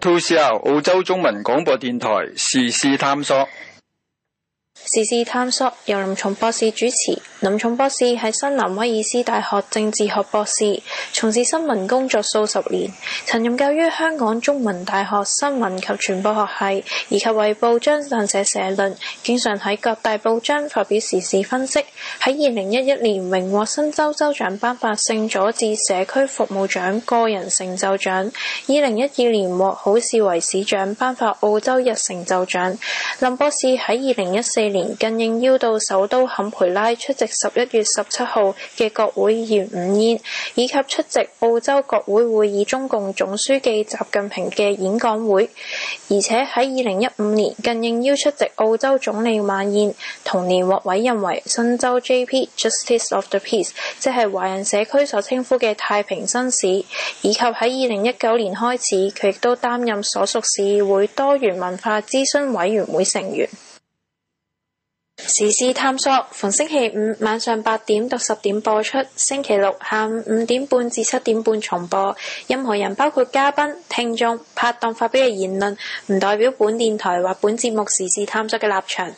套由澳洲中文廣播電台，時事探索。時事探索由林聰博士主持。林聰博士係新南威爾斯大學政治學博士，從事新聞工作數十年，曾任教於香港中文大學新聞及傳播學系，以及為報章撰寫社論，經常喺各大報章發表時事分析。喺二零一一年榮獲新州州長頒發聖佐治社區服務獎、個人成就獎。二零一二年獲好士維市長頒發澳洲日成就獎。林博士喺二零一四年，更應邀到首都坎培拉出席十一月十七號嘅國會議員午宴，以及出席澳洲國會會議中共總書記習近平嘅演講會，而且喺二零一五年，更應邀出席澳洲總理晚宴。同年獲委任為新州 J.P. Justice of the Peace，即係華人社區所稱呼嘅太平紳士，以及喺二零一九年開始，佢亦都擔任所屬市議會多元文化諮詢委員會成員。時事探索逢星期五晚上八點到十點播出，星期六下午五點半至七點半重播。任何人，包括嘉賓、聽眾、拍檔發表嘅言論，唔代表本電台或本節目時事探索嘅立場。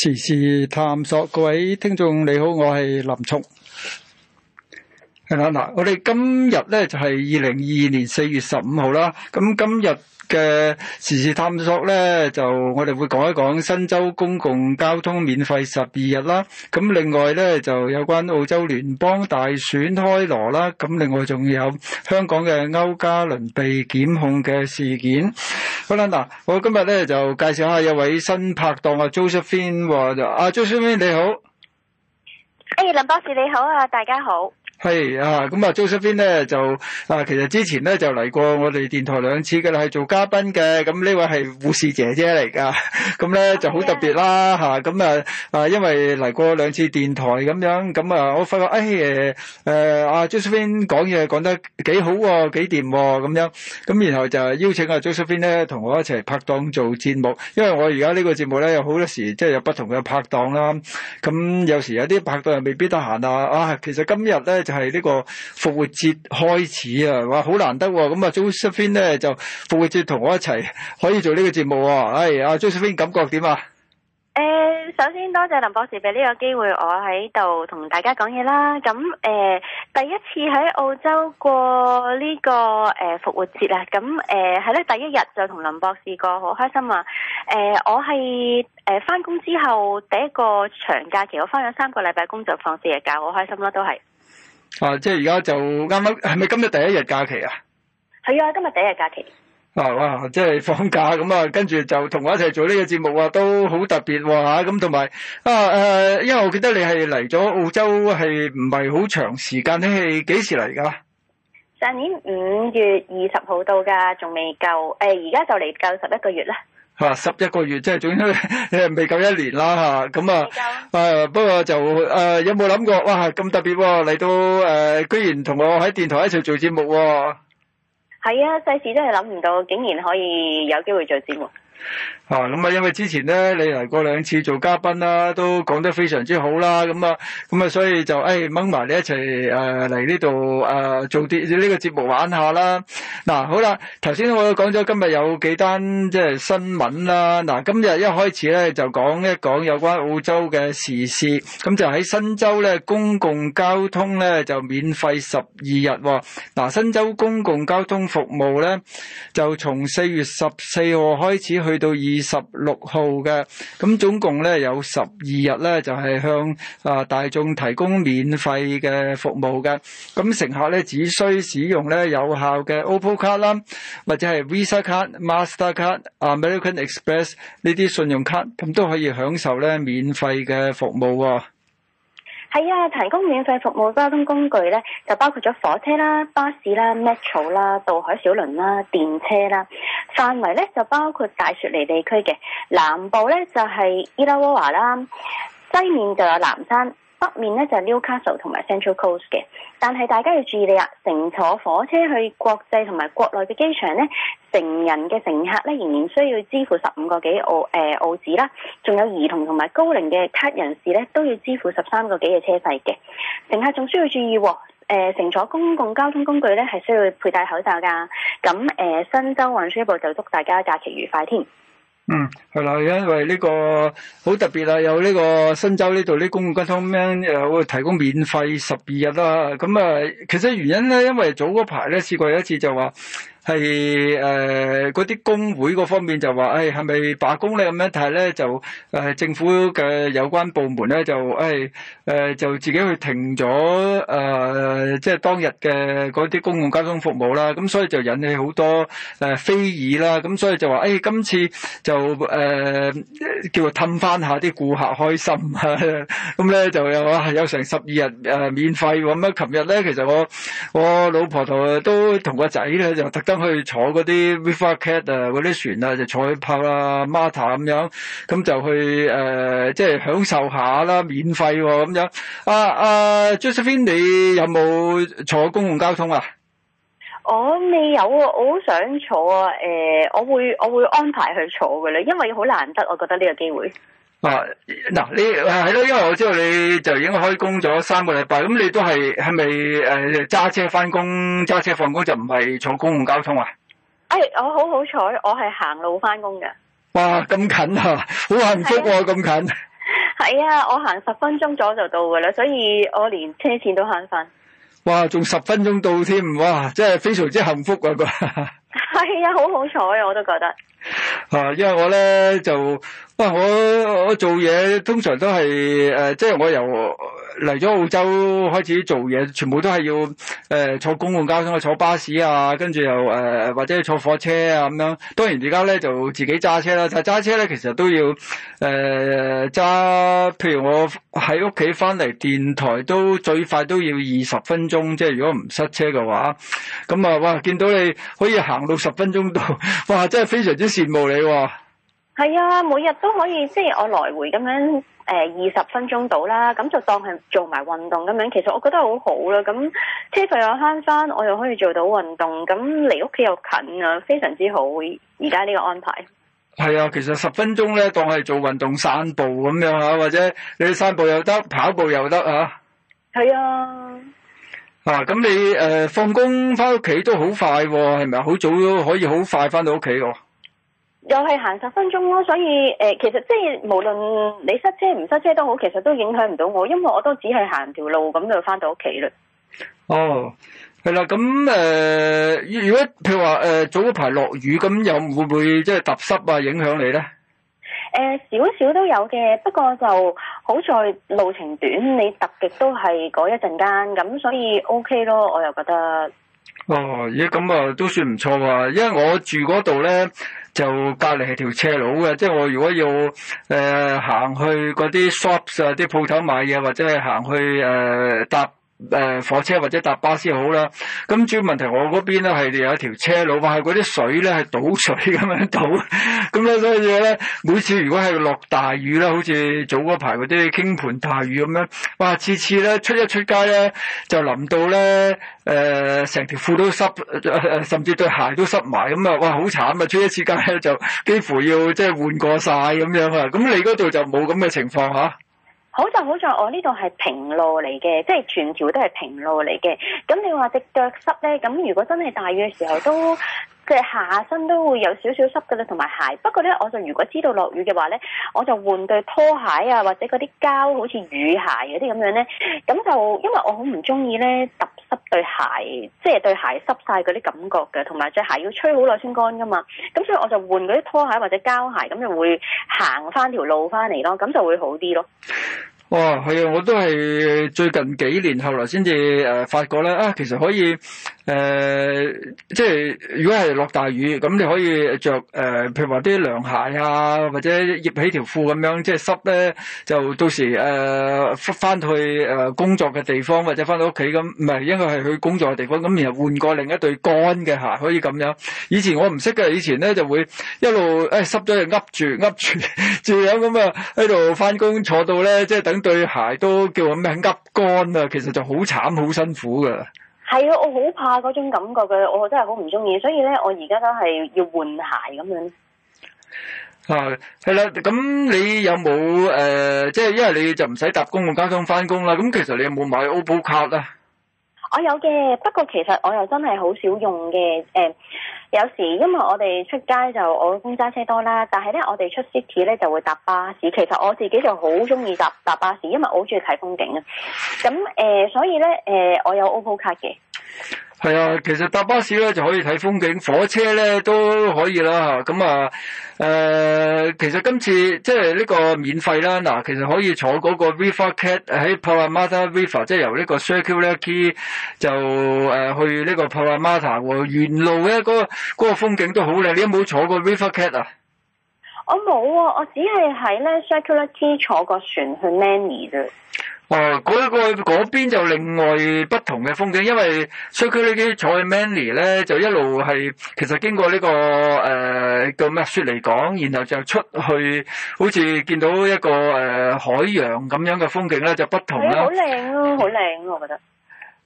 時事探索，各位聽眾你好，我係林聰。係啦，嗱，我哋今日咧就係二零二二年四月十五號啦。咁今日嘅時事探索咧，就我哋會講一講新州公共交通免費十二日啦。咁另外咧，就有關澳洲聯邦大選開鑼啦。咁另外仲有香港嘅區家麟被檢控嘅事件。好啦，嗱，我今日咧就介紹一下有位新拍檔啊，Josephine，就啊，Josephine 你好。誒、hey，林博士你好啊，大家好。係啊，咁啊，Josephine 咧，就啊，其實之前咧就嚟過我哋電台兩次嘅啦，係做嘉賓嘅。咁呢位係護士姐姐嚟噶，咁 咧就好特別啦吓。咁啊啊，因為嚟過兩次電台咁樣，咁啊，我發覺誒誒阿 Josephine 講嘢講得幾好，啊，幾掂咁樣。咁，啊，然後就邀請阿 Josephine 咧同我一齊拍檔做節目，因為我而家呢個節目咧有好多時即係有不同嘅拍檔啦。咁有時有啲拍檔又未必得閒啊。啊，其實今日咧。係呢個復活節開始啊，哇，好難得咁啊！Josephine 咧就復活節同我一齊可以做呢個節目啊！哎，阿、啊、Josephine 感覺點啊？誒、呃，首先多謝林博士俾呢個機會我喺度同大家講嘢啦。咁誒、呃，第一次喺澳洲過呢、這個誒復、呃、活節啊。咁誒，係、呃、咧第一日就同林博士過好開心啊。誒、呃，我係誒翻工之後第一個長假期，我翻咗三個禮拜工作放四日假，好開心啦、啊，都係。啊！即係而家就啱啱係咪今日第一日假期啊？係啊，今日第一日假期。啊哇！即係放假咁啊，跟住就同我一齊做呢個節目啊，都好特別喎吓！咁同埋啊誒、啊，因為我記得你係嚟咗澳洲係唔係好長時間咧？係幾時嚟噶？上年五月二十號到噶，仲未夠誒！哎、而家就嚟夠十一個月啦。係十一個月，即係總之未夠一年啦嚇。咁啊，誒、啊啊、不過就誒、啊、有冇諗過？哇！咁特別嚟、啊、到誒、啊，居然同我喺電台一齊做節目喎。係啊，世、啊、事真係諗唔到，竟然可以有機會做節目。啊咁啊，因為之前咧你嚟過兩次做嘉賓啦、啊，都講得非常之好啦、啊，咁啊咁啊，所以就誒掹埋你一齊誒嚟呢度誒做啲呢個節目玩下啦。嗱、啊，好啦，頭先我講咗今日有幾單即係、就是、新聞啦。嗱、啊，今日一開始咧就講一講有關澳洲嘅時事，咁、啊、就喺新州咧公共交通咧就免費十二日喎。嗱、啊，新州公共交通服務咧就從四月十四號開始去。去到二十六號嘅，咁總共咧有十二日咧，就係向啊大眾提供免費嘅服務嘅。咁乘客咧只需使用咧有效嘅 Opal 卡啦，或者係 Visa 卡、Master 卡、American Express 呢啲信用卡，咁都可以享受咧免費嘅服務喎、哦。係啊，提供免費服務交通工具咧，就包括咗火車啦、巴士啦、metro 啦、渡海小輪啦、電車啦。範圍咧就包括大雪梨地區嘅南部咧，就係、是、伊拉瓦拉啦，西面就有南山。北面咧就 Newcastle 同埋 Central Coast 嘅，但係大家要注意你啊！乘坐火車去國際同埋國內嘅機場咧，成人嘅乘客咧仍然需要支付十五個幾澳誒、呃、澳紙啦，仲有兒童同埋高齡嘅卡人士咧都要支付十三個幾嘅車費嘅。乘客仲需要注意喎，乘坐公共交通工具咧係需要佩戴口罩噶。咁、呃、新州運輸部就祝大家假期愉快添。嗯，係啦，因為呢個好特別啊，有呢個新州呢度啲公共交通，誒，會提供免費十二日啦。咁啊，其實原因咧，因為早嗰排咧試過有一次就話。係誒嗰啲工會嗰方面就話，誒係咪罷工咧？咁樣，但係咧就誒政府嘅有關部門咧就誒誒就自己去停咗誒即係當日嘅嗰啲公共交通服務啦，咁所以就引起好多誒非議啦，咁所以就話誒今次就誒叫做氹翻下啲顧客開心啊，咁咧就有啊有成十二日誒免費咁樣，琴日咧其實我我老婆同都同個仔咧就特登。去坐嗰啲 RiverCat 啊，嗰啲船啊，就坐去 Parramatta 咁樣，咁就去誒、呃、即係享受下啦，免費喎咁樣啊啊，Josephine，你有冇坐公共交通啊？我未有啊，我好想坐啊。誒、呃、我會我會安排去坐嘅咧，因為好難得，我覺得呢個機會。啊嗱，你係咯、啊，因為我知道你就已經開工咗三個禮拜，咁你都係係咪誒揸車翻工，揸車放工就唔係坐公共交通啊？誒、哎，我好好彩，我係行路翻工嘅。哇，咁近啊，好幸福啊，咁、啊、近、啊。係啊，我行十分鐘左右就到噶啦，所以我連車錢都慳翻。哇，仲十分鐘到添，哇，真係非常之幸福啊！個係、哎、啊，好好彩啊！我都覺得，啊，因為我咧就，哇，我我做嘢通常都係誒，即、呃、係、就是、我由。嚟咗澳洲開始做嘢，全部都係要誒、呃、坐公共交通坐巴士啊，跟住又誒、呃、或者坐火車啊咁樣。當然而家咧就自己揸車啦。就揸車咧，其實都要誒揸、呃。譬如我喺屋企翻嚟電台都最快都要二十分鐘，即係如果唔塞車嘅話。咁啊，哇！見到你可以行十分鐘到，哇！真係非常之羨慕你喎、啊。係啊，每日都可以，即係我來回咁樣。誒、呃，二十分鐘到啦，咁就當係做埋運動咁樣。其實我覺得好好、啊、啦，咁車費又慳翻，我又可以做到運動。咁離屋企又近啊，非常之好。而家呢個安排係啊，其實十分鐘咧，當係做運動散步咁樣吓、啊，或者你去散步又得，跑步又得啊。係啊。啊，咁你誒、呃，放工翻屋企都好快、哦，係咪？好早都可以好快翻到屋企喎。又係行十分鐘咯，所以誒、呃，其實即係無論你塞車唔塞車都好，其實都影響唔到我，因為我都只係行條路咁就翻到屋企啦。哦，係啦，咁誒，如、呃、果譬如話誒、呃、早一排落雨，咁有會唔會即係揼濕啊影響你咧？誒、呃，少少都有嘅，不過就好在路程短，你揼極都係嗰一陣間，咁所以 OK 咯，我又覺得。哦，咦，咁啊，都算唔錯啊，因為我住嗰度咧。就隔籬係條斜路嘅，即、就、係、是、我如果要誒行、呃、去嗰啲 shops 啊，啲鋪頭買嘢，或者係行去誒、呃、搭。誒、呃、火車或者搭巴士好啦，咁主要問題我嗰邊咧係有一條車路，話係嗰啲水咧係倒水咁樣倒，咁咧所以咧每次如果係落大雨咧，好似早嗰排嗰啲傾盆大雨咁樣，哇！次次咧出一出街咧就淋到咧誒成條褲都濕，甚至對鞋都濕埋，咁啊哇好慘啊！出一次街呢就幾乎要即係換過曬咁樣，那那樣啊！咁你嗰度就冇咁嘅情況吓？好就好在我呢度係平路嚟嘅，即係全條都係平路嚟嘅。咁你話隻腳濕呢？咁如果真係大雨嘅時候都，都嘅下身都會有少少濕噶啦，同埋鞋。不過呢，我就如果知道落雨嘅話呢，我就換對拖鞋啊，或者嗰啲膠好似雨鞋嗰啲咁樣呢。咁就因為我好唔中意呢，揼濕對鞋，即係對鞋濕晒嗰啲感覺嘅，同埋著鞋要吹好耐先乾噶嘛。咁所以我就換嗰啲拖鞋或者膠鞋，咁就會行翻條路翻嚟咯，咁就會好啲咯。哇，係啊！我都係最近幾年後來先至誒發覺咧，啊，其實可以。誒、呃，即係如果係落大雨，咁你可以着誒、呃，譬如話啲涼鞋啊，或者掖起條褲咁樣，即係濕咧，就到時誒翻、呃、去工作嘅地方，或者翻到屋企咁，唔係應該係去工作嘅地方，咁然後換過另一對乾嘅鞋，可以咁樣。以前我唔識㗎，以前咧就會一路濕咗就噏住噏住，仲有咁啊喺度翻工坐到咧，即係等對鞋都叫咩噏乾啊，其實就好慘好辛苦㗎。係啊，我好怕嗰種感覺嘅，我真係好唔中意，所以咧，我而家都係要換鞋咁樣。啊，係啦，咁你有冇誒，即、呃、係因為你就唔使搭公共交通翻工啦。咁其實你有冇買 Opal 卡咧？我有嘅，不過其實我又真係好少用嘅，誒、呃。有時因為我哋出街就我公車車多啦，但係咧我哋出 city 咧就會搭巴士。其實我自己就好中意搭搭巴士，因為我好中意睇風景啊。咁、呃、所以咧、呃、我有 Opal 卡嘅。係啊，其實搭巴士咧就可以睇風景，火車咧都可以啦吓。咁啊，誒、啊，其實今次即係呢個免費啦。嗱，其實可以坐嗰個 River Cat 喺 Parramatta River，即係由呢個 Circular Quay 就誒去呢個 Parramatta 喎。沿路咧，個個個風景都好靚。你有冇坐過 River Cat 啊？我冇啊，我只係喺咧 Circular Quay 坐個船去 Manly 啫。哦，嗰、嗰個嗰邊就另外不同嘅風景，因為為坐呢啲坐 Many 咧就一路係其實經過呢個誒叫咩雪嚟講，然後就出去好似見到一個誒海洋咁樣嘅風景咧，就不同啦。好靚咯，好靚咯，我覺得。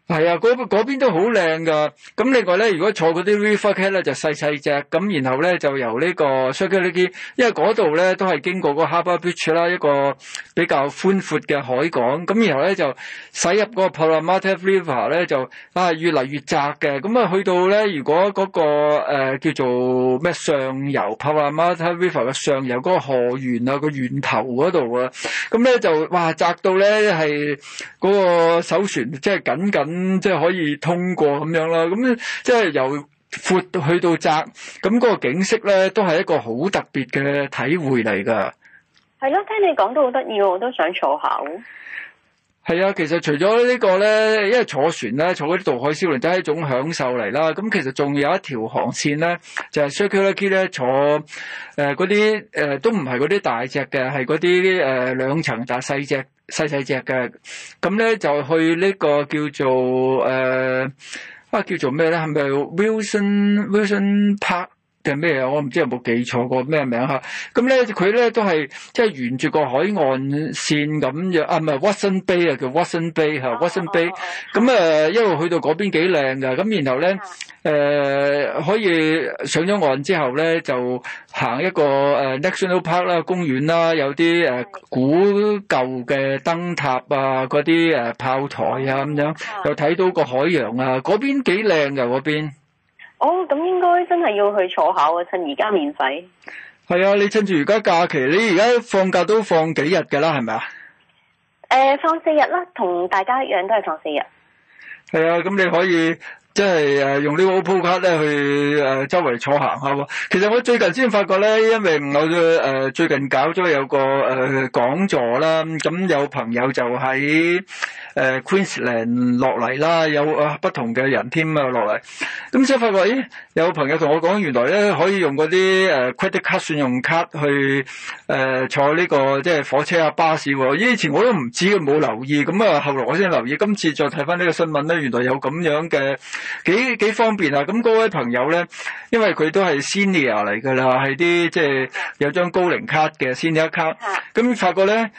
係啊，嗰邊都好靚噶。咁另外咧，如果坐嗰啲 RiverCat 咧就細細隻。咁然後咧就由呢個 Circular Quay，因為嗰度咧都係經過個個 Harbour Beach 啦，一個比較寬闊嘅海港。咁然後咧就駛入個個 Parramatta River 咧就啊越嚟越窄嘅。咁啊去到咧如果嗰、那個、呃、叫做咩上游 Parramatta River 嘅上游嗰個河源啊、那個源頭嗰度啊，咁咧就哇窄到咧係嗰個艘船即係、就是、緊緊。咁即係可以通過咁樣啦，咁即係由闊去到窄，咁個景色咧都係一個好特別嘅體會嚟噶。係咯，聽你講都好得意，我都想坐下。係啊，其實除咗呢個咧，因為坐船咧，坐啲渡海小輪就係一種享受嚟啦。咁其實仲有一條航線咧，就係、是、Circular Quay 咧，坐誒嗰啲誒都唔係嗰啲大隻嘅，係嗰啲誒兩層搭細隻。呃細細隻嘅，咁咧就去呢個叫做誒、呃，啊叫做咩咧？係咪 Wilson Wilson Park？定係咩啊？我唔知有冇記錯個咩名嚇。咁咧佢咧都係即係沿住個海岸線咁樣。啊唔係 Watson Bay 啊叫 Watson Bay 嚇，Watson Bay 咁啊，因為去到嗰邊幾靚㗎。咁然後咧，誒、啊呃、可以上咗岸之後咧，就行一個 national park 啦，公園啦，有啲古舊嘅燈塔啊，嗰啲炮台啊咁樣，又、啊、睇到個海洋啊。嗰邊幾靚㗎，嗰邊。哦，咁應該真係要去坐下喎，趁而家免費。係啊，你趁住而家假期，你而家放假都放幾日㗎啦，係咪啊？誒、呃，放四日啦，同大家一樣都係放四日。係啊，咁你可以。即係誒，用呢個 Opal 卡咧去誒周圍坐行下。其實我最近先發覺咧，因為我誒最近搞咗有個誒講座啦，咁有朋友就喺誒 Queensland 落嚟啦，有啊不同嘅人添啊落嚟。咁先發覺，咦？有朋友同我講，原來咧可以用嗰啲誒 Credit card 信用卡去誒坐呢個即係火車啊巴士喎。以前我都唔知冇留意，咁啊後來我先留意，今次再睇翻呢個新聞咧，原來有咁樣嘅。幾幾方便啊！咁各位朋友咧，因為佢都係 senior 嚟噶啦，係啲即係有張高齡卡嘅 senior card，咁發覺咧。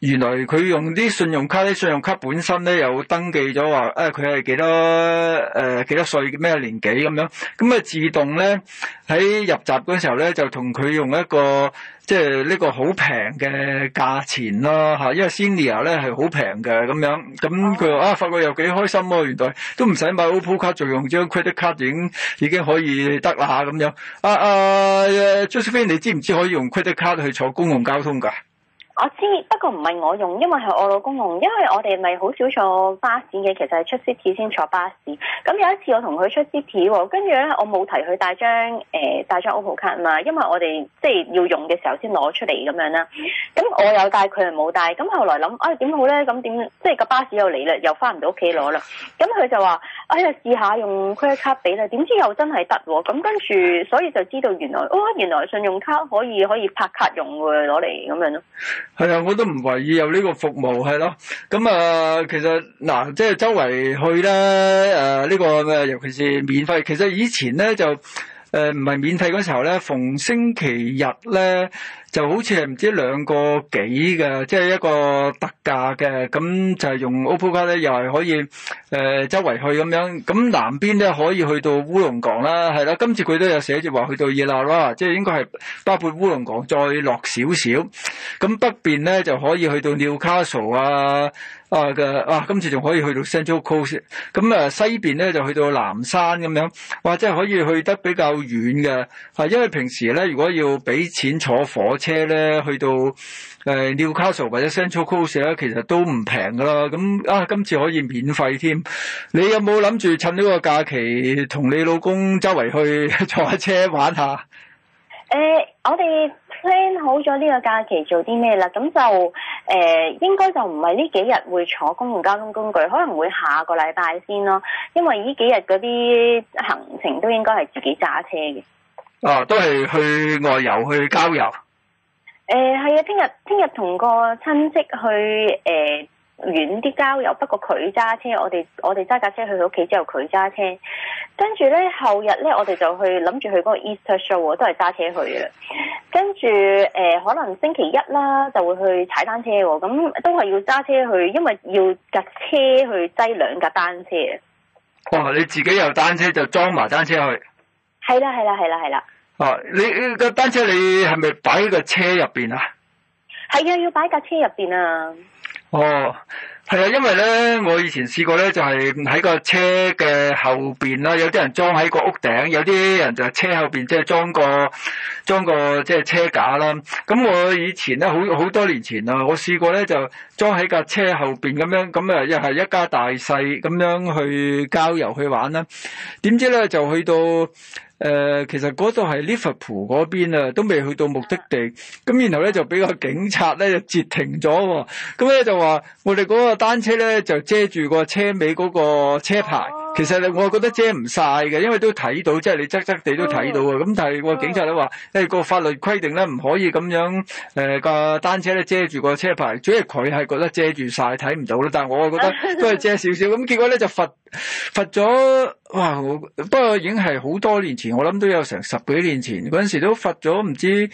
原來佢用啲信用卡，啲信用卡本身咧有登記咗話，誒佢係幾多誒幾多歲咩年紀咁樣，咁啊自動咧喺入閘嗰時候咧就同佢用一個即係呢個好平嘅價錢啦嚇，因為 senior 咧係好平嘅咁樣，咁佢話啊發覺又幾開心喎、啊，原來都唔使買 Opal 卡，用張卡就用張 credit card 已經已經可以得啦嚇咁樣。啊啊 Josephine，你知唔知可以用 credit card 去坐公共交通㗎？我知，不過唔係我用，因為係我老公用。因為我哋咪好少坐巴士嘅，其實係出 city 先坐巴士。咁有一次我同佢出 city 喎，跟住咧我冇提佢帶張誒帶張 Opal 卡嘛，因為我哋即係要用嘅時候先攞出嚟咁樣啦。咁我有帶，佢係冇帶。咁後來諗啊點好咧？咁點即係個巴士又嚟啦，又翻唔到屋企攞啦。咁佢就話：哎呀試下用 credit card 俾啦。點知又真係得喎。咁跟住所以就知道原來哦原來信用卡可以可以拍卡用喎攞嚟咁樣咯。係啊，我都唔懷疑有呢個服務，係咯。咁啊、呃，其實嗱、呃，即係周圍去啦，誒、呃、呢、呢個咩，尤其是免費。其實以前咧就。誒唔係免費嗰時候咧，逢星期日咧就好似係唔知兩個幾嘅，即係一個特價嘅，咁就係用 Opal 卡咧，又係可以、呃、周圍去咁樣。咁南邊咧可以去到烏龍港啦，係啦，今次佢都有寫住話去到耶拿啦，即係應該係包括烏龍港再落少少。咁北邊咧就可以去到 Newcastle 啊。啊嘅哇、啊，今次仲可以去到 Central Coast，咁啊西邊咧就去到南山咁樣，或者係可以去得比較遠嘅。啊，因為平時咧如果要俾錢坐火車咧去到誒、啊、Newcastle 或者 Central Coast 咧、啊，其實都唔平噶啦。咁啊，啊今次可以免費添。你有冇諗住趁呢個假期同你老公周圍去坐下車玩下？誒，我哋。plan 好咗呢個假期做啲咩啦？咁就誒、呃，應該就唔係呢幾日會坐公共交通工具，可能會下個禮拜先咯。因為呢幾日嗰啲行程都應該係自己揸車嘅。啊，都係去外遊去郊遊。誒、呃，係啊，聽日聽日同個親戚去誒。呃遠啲郊遊，不過佢揸車，我哋我哋揸架車去佢屋企之後，佢揸車，跟住呢，後日呢，我哋就去諗住去嗰個 Easter Show，都係揸車去嘅。跟住誒，可能星期一啦，就會去踩單車喔，咁都係要揸車去，因為要架車去擠兩架單車。哇、哦！你自己有單車就裝埋單車去。係啦係啦係啦係啦。哦，你你架單車你係咪擺喺個車入邊啊？係啊，要擺架車入邊啊。哦，係啊，因為咧，我以前試過咧，就係喺個車嘅後邊啦，有啲人裝喺個屋頂，有啲人就係車後邊，即係裝個裝個即係車架啦。咁我以前咧好好多年前啊，我試過咧就裝喺架車後邊咁樣，咁啊又係一家大細咁樣去郊遊去玩啦。點知咧就去到。誒、呃，其實度係 Liverpool 嗰邊啊，都未去到目的地，咁然後咧就俾個警察咧就截停咗，咁咧就話我哋個單車咧就遮住嗰個車尾嗰個車牌。其實咧，我覺得遮唔晒嘅，因為都睇到，即係你側側地都睇到啊。咁、嗯、但係個警察都話，誒、嗯哎、個法律規定咧唔可以咁樣誒架、呃、單車咧遮住個車牌，主要佢係覺得遮住晒，睇唔到咯。但係我係覺得都係遮少少。咁 結果咧就罰罰咗，哇！不過已經係好多年前，我諗都有成十幾年前嗰陣時候都罰咗唔知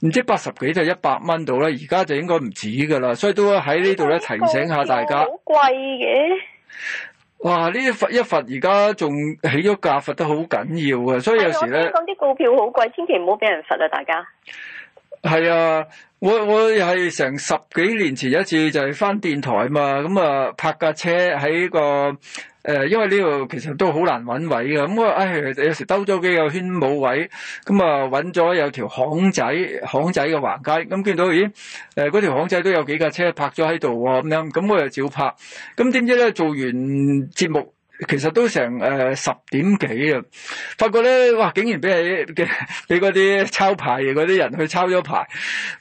唔知道八十幾就是、一百蚊度啦。而家就應該唔止㗎啦。所以都喺呢度咧提醒一下大家。好、這個、貴嘅。哇！呢一罰一罰，而家仲起咗價，罰得好緊要啊。所以有時咧，你講啲告票好貴，千祈唔好俾人罰啊！大家係啊，我我係成十幾年前一次就係返電台嘛，咁啊泊架車喺個。誒、呃，因為呢度其實都好難揾位嘅，咁、嗯、我唉，有時兜咗幾個圈冇位，咁啊揾咗有條巷仔巷仔嘅橫街，咁、嗯、見到咦誒嗰條巷仔都有幾架車泊咗喺度喎，咁樣咁我又照拍，咁、嗯、點知咧做完節目。其實都成誒十點幾啊，發覺咧哇，竟然俾你俾嗰啲抄牌嘅嗰啲人去抄咗牌，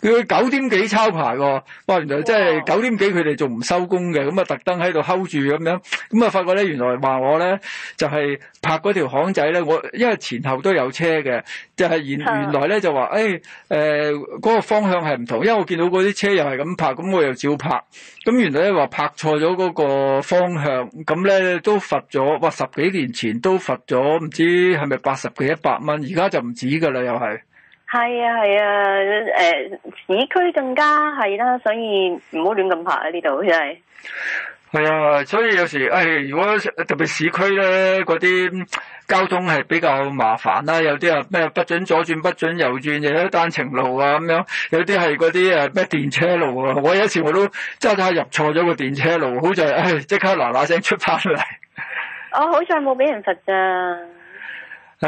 佢九點幾抄牌喎，哇，原來即係九點幾佢哋仲唔收工嘅，咁啊特登喺度 hold 住咁樣，咁啊發覺咧原來話我咧就係、是、拍嗰條巷仔咧，我因為前後都有車嘅，就係、是、原原來咧就話誒誒嗰個方向係唔同，因為我見到嗰啲車又係咁拍，咁我又照拍。咁原來咧話拍錯咗嗰個方向，咁咧都罰咗。哇！十幾年前都罰咗，唔知係咪八十幾一百蚊，而家就唔止噶啦，又係。係啊係啊，啊呃，市區更加係啦，啊，所以唔好亂咁拍啊！呢度真係。係啊，所以有時誒，哎，如果特別市區咧，嗰啲。交通係比較麻煩啦，有啲啊咩不准左轉、不准右轉，又有單程路啊咁樣，有啲係嗰啲誒咩電車路啊，我有一次我都揸車入錯咗個電車路，好在誒即刻嗱嗱聲出翻嚟。我、哦、好在冇俾人罰咋。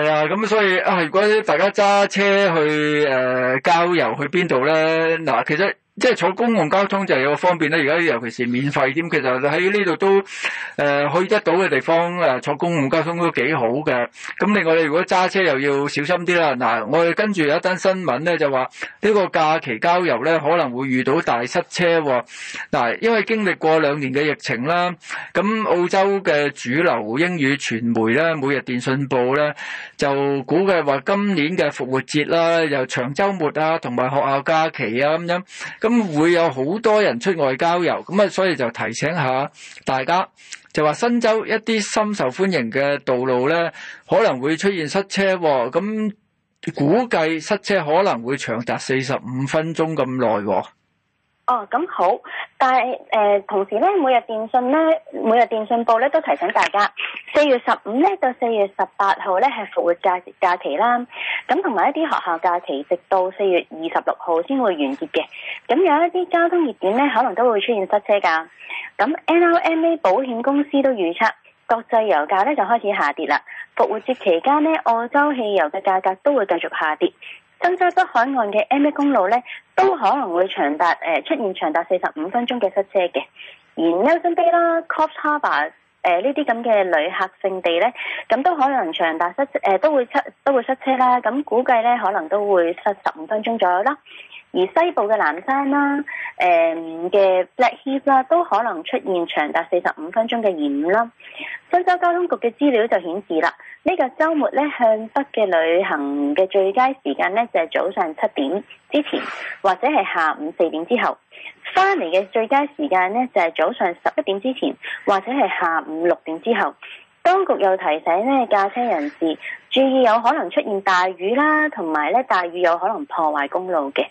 係 啊，咁所以啊，如果大家揸車去誒、呃、郊遊去邊度咧，嗱、啊，其實。即係坐公共交通就有一個方便咧，而家尤其是免費添。其實喺呢度都誒、呃、去得到嘅地方坐公共交通都幾好嘅。咁另外，你如果揸車又要小心啲啦。嗱，我哋跟住有一單新聞咧，就話呢、呢個假期郊遊咧可能會遇到大塞車喎、哦。嗱，因為經歷過兩年嘅疫情啦，咁澳洲嘅主流英語傳媒咧，《每日電訊報呢》咧就估計話今年嘅復活節啦，又長週末啊，同埋學校假期啊咁樣咁。咁會有好多人出外郊遊，咁啊，所以就提醒下大家，就話新州一啲深受歡迎嘅道路咧，可能會出現塞車，咁估計塞車可能會長達四十五分鐘咁耐。哦，咁好，但係誒、呃，同時咧，每日電訊咧，每日電訊報咧都提醒大家，四月十五咧到四月十八號咧係復活假，假期啦，咁同埋一啲學校假期，直到四月二十六號先會完結嘅，咁有一啲交通熱點咧，可能都會出現塞車噶。咁 LMA 保險公司都預測，國際油價咧就開始下跌啦。復活節期間咧，澳洲汽油嘅價格都會繼續下跌。新州北海岸嘅 M1 公路咧，都可能會長達、呃、出現長達四十五分鐘嘅塞車嘅；而 Nelson Bay 啦、Coffs Harbour 誒呢啲咁嘅旅客勝地咧，咁、嗯、都可能長達塞誒、呃、都會塞都塞車啦。咁、嗯、估計咧，可能都會塞十五分鐘左右啦。而西部嘅南山啦、啊、誒、呃、嘅 Black Hill 啦，都可能出現長達四十五分鐘嘅延誤啦。新州交通局嘅資料就顯示啦。呢個周末咧，向北嘅旅行嘅最佳時間呢，就係早上七點之前，或者係下午四點之後。翻嚟嘅最佳時間呢，就係早上十一點之前，或者係下午六點之後。當局又提醒呢，駕車人士注意有可能出現大雨啦，同埋咧，大雨有可能破壞公路嘅。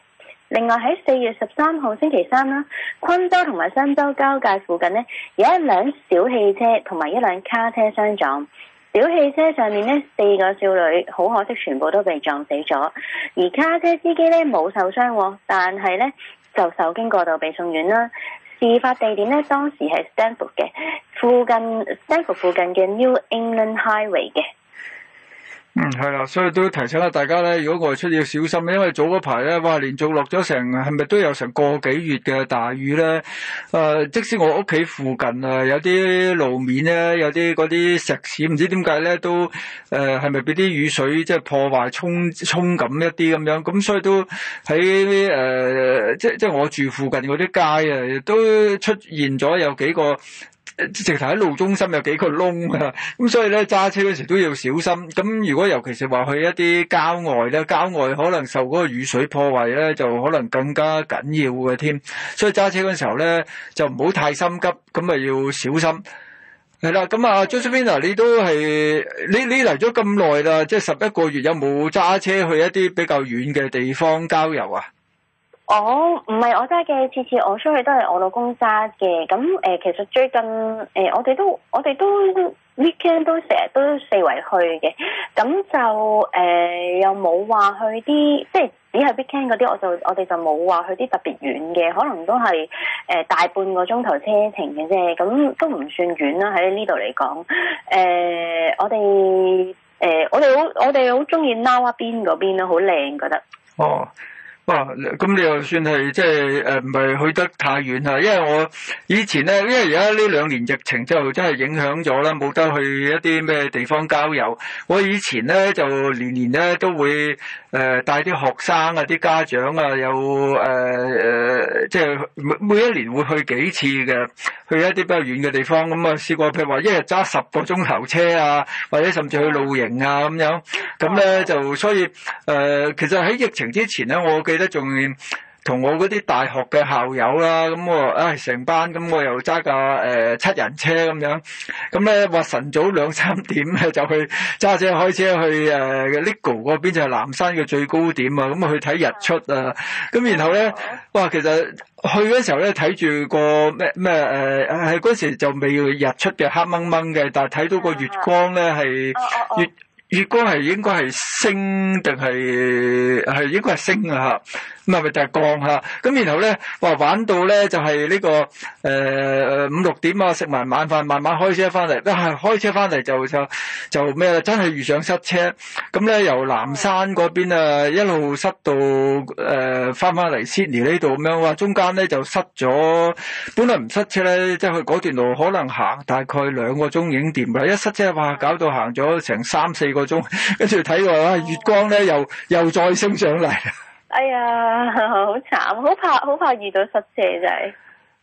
另外喺四月十三號星期三啦，昆州同埋新州交界附近呢，有一輛小汽車同埋一輛卡車相撞。小汽車上面呢四個少女，好可惜全部都被撞死咗，而卡車司機呢冇受傷，哦，但係呢就受驚過度被送院啦。事發地點呢，當時係 Stanford 嘅附近，Stanford 附近嘅 New England Highway 嘅。嗯，係啦，所以都提醒下大家咧，如果外出要小心，因為早嗰排咧，哇，連續落咗成，係咪都有成個幾月嘅大雨咧？誒、呃，即使我屋企附近啊，有啲路面咧，有啲嗰啲石屎，唔知點解咧，都誒，係咪俾啲雨水即係、即係、破壞、沖沖緊一啲咁樣？咁所以都喺誒、呃，即即係我住附近嗰啲街啊，都出現咗有幾個。直頭喺路中心有幾個窿啊！咁所以咧，揸車嗰時都要小心。咁如果尤其是話去一啲郊外咧，郊外可能受嗰個雨水破壞咧，就可能更加緊要嘅添。所以揸車嗰時候咧，就唔好太心急，咁啊要小心。係啦，咁啊，Josephina，你都係你你嚟咗咁耐啦，即係十一個月，有冇揸車去一啲比較遠嘅地方郊遊啊？哦、不是我唔係我揸嘅，次次我出去都係我老公揸嘅。咁誒、呃，其實最近誒、呃，我哋都我哋都 weekend 都成日都四圍去嘅。咁就誒、呃，又冇話去啲，即係只係 weekend 嗰啲，我就我哋就冇話去啲特別遠嘅，可能都係誒、呃、大半個鐘頭車程嘅啫。咁都唔算遠啦，喺呢度嚟講。誒、呃，我哋誒、呃，我哋好我哋好中意 Nowra 邊嗰邊咯，好靚，覺得。哦。哇！咁你又算係即係誒，唔係去得太遠啊？因為我以前咧，因為而家呢兩年疫情之後，真係影響咗啦，冇得去一啲咩地方交友郊遊。我以前咧就年年咧都會。誒、呃、帶啲學生啊、啲家長啊，有誒、呃呃、即係每一年會去幾次嘅，去一啲比較遠嘅地方咁啊，試過譬如話一日揸十個鐘頭車啊，或者甚至去露營啊咁樣，咁咧就所以誒、呃，其實喺疫情之前咧，我記得仲。同我嗰啲大學嘅校友啦，咁我唉成班，咁我又揸架誒七人車咁樣，咁咧話晨早兩三點咧就去揸車開車去誒 Ligo 嗰邊就係、是、南山嘅最高點啊，咁啊去睇日出啊，咁然後咧哇其實去嗰時候咧睇住個咩咩誒喺嗰時就未日出嘅黑掹掹嘅，但係睇到個月光咧係月。月光係應該係升定係係應該係升啊吓，咁係咪就係降吓啊？咁然後咧，話玩到咧就係呢個誒誒五六點啊，食埋晚飯，慢慢開車翻嚟，一係開車翻嚟就就就咩啦？真係遇上塞車，咁咧由南山邊啊一路塞到誒翻翻嚟 Sydney 呢度咁樣，哇！中間咧就塞咗，本來唔塞車咧，即係去段路可能行大概兩個鐘已經掂啦，一塞車哇，搞到行咗成三四個。個鐘，跟住睇落月光咧又、哎、又再升上嚟。哎呀，好慘，好怕，好怕遇到塞車真係。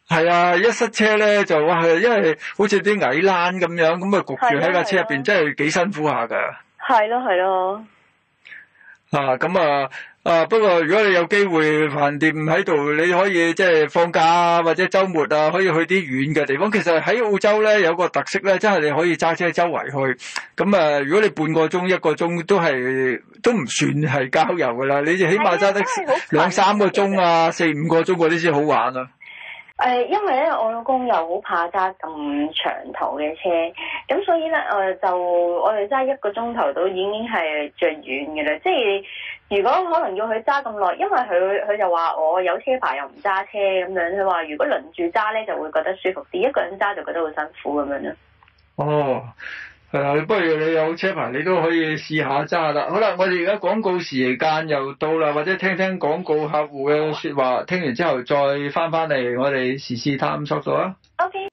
係啊，一塞車咧就哇，因為好似啲矮欄咁樣，咁啊焗住喺架車入邊，真係幾辛苦下噶。係咯係咯。啊，咁啊。啊！不過如果你有機會飯店唔喺度，你可以即係放假啊，或者週末啊，可以去啲遠嘅地方。其實喺澳洲咧有個特色咧，真係你可以揸車周圍去。咁啊，如果你半個鐘一個鐘都係都唔算係郊遊噶啦，你起碼揸得兩三個鐘啊，四五個鐘嗰啲先好玩啊。誒，因為咧我老公又好怕揸咁長途嘅車，咁所以咧誒就我哋揸一個鐘頭都已經係最遠嘅啦，即係。如果可能要佢揸咁耐，因為佢佢就話我有車牌又唔揸車咁樣，佢話如果輪住揸咧就會覺得舒服啲，一個人揸就覺得好辛苦咁樣哦，係啊，不如你有車牌你都可以試下揸啦。好啦，我哋而家廣告時間又到啦，或者聽聽廣告客戶嘅說話，聽完之後再翻翻嚟，我哋時事探索咗啊。OK。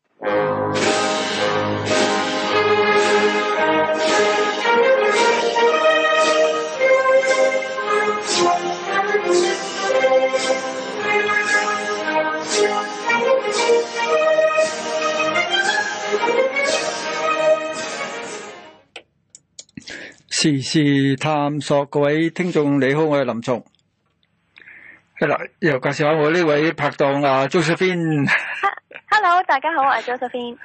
時事探索，各位聽眾，你好，我係林松，係啦，又介紹下我呢位拍檔啊，周雪冰。 hello，大家好，我係 Josephine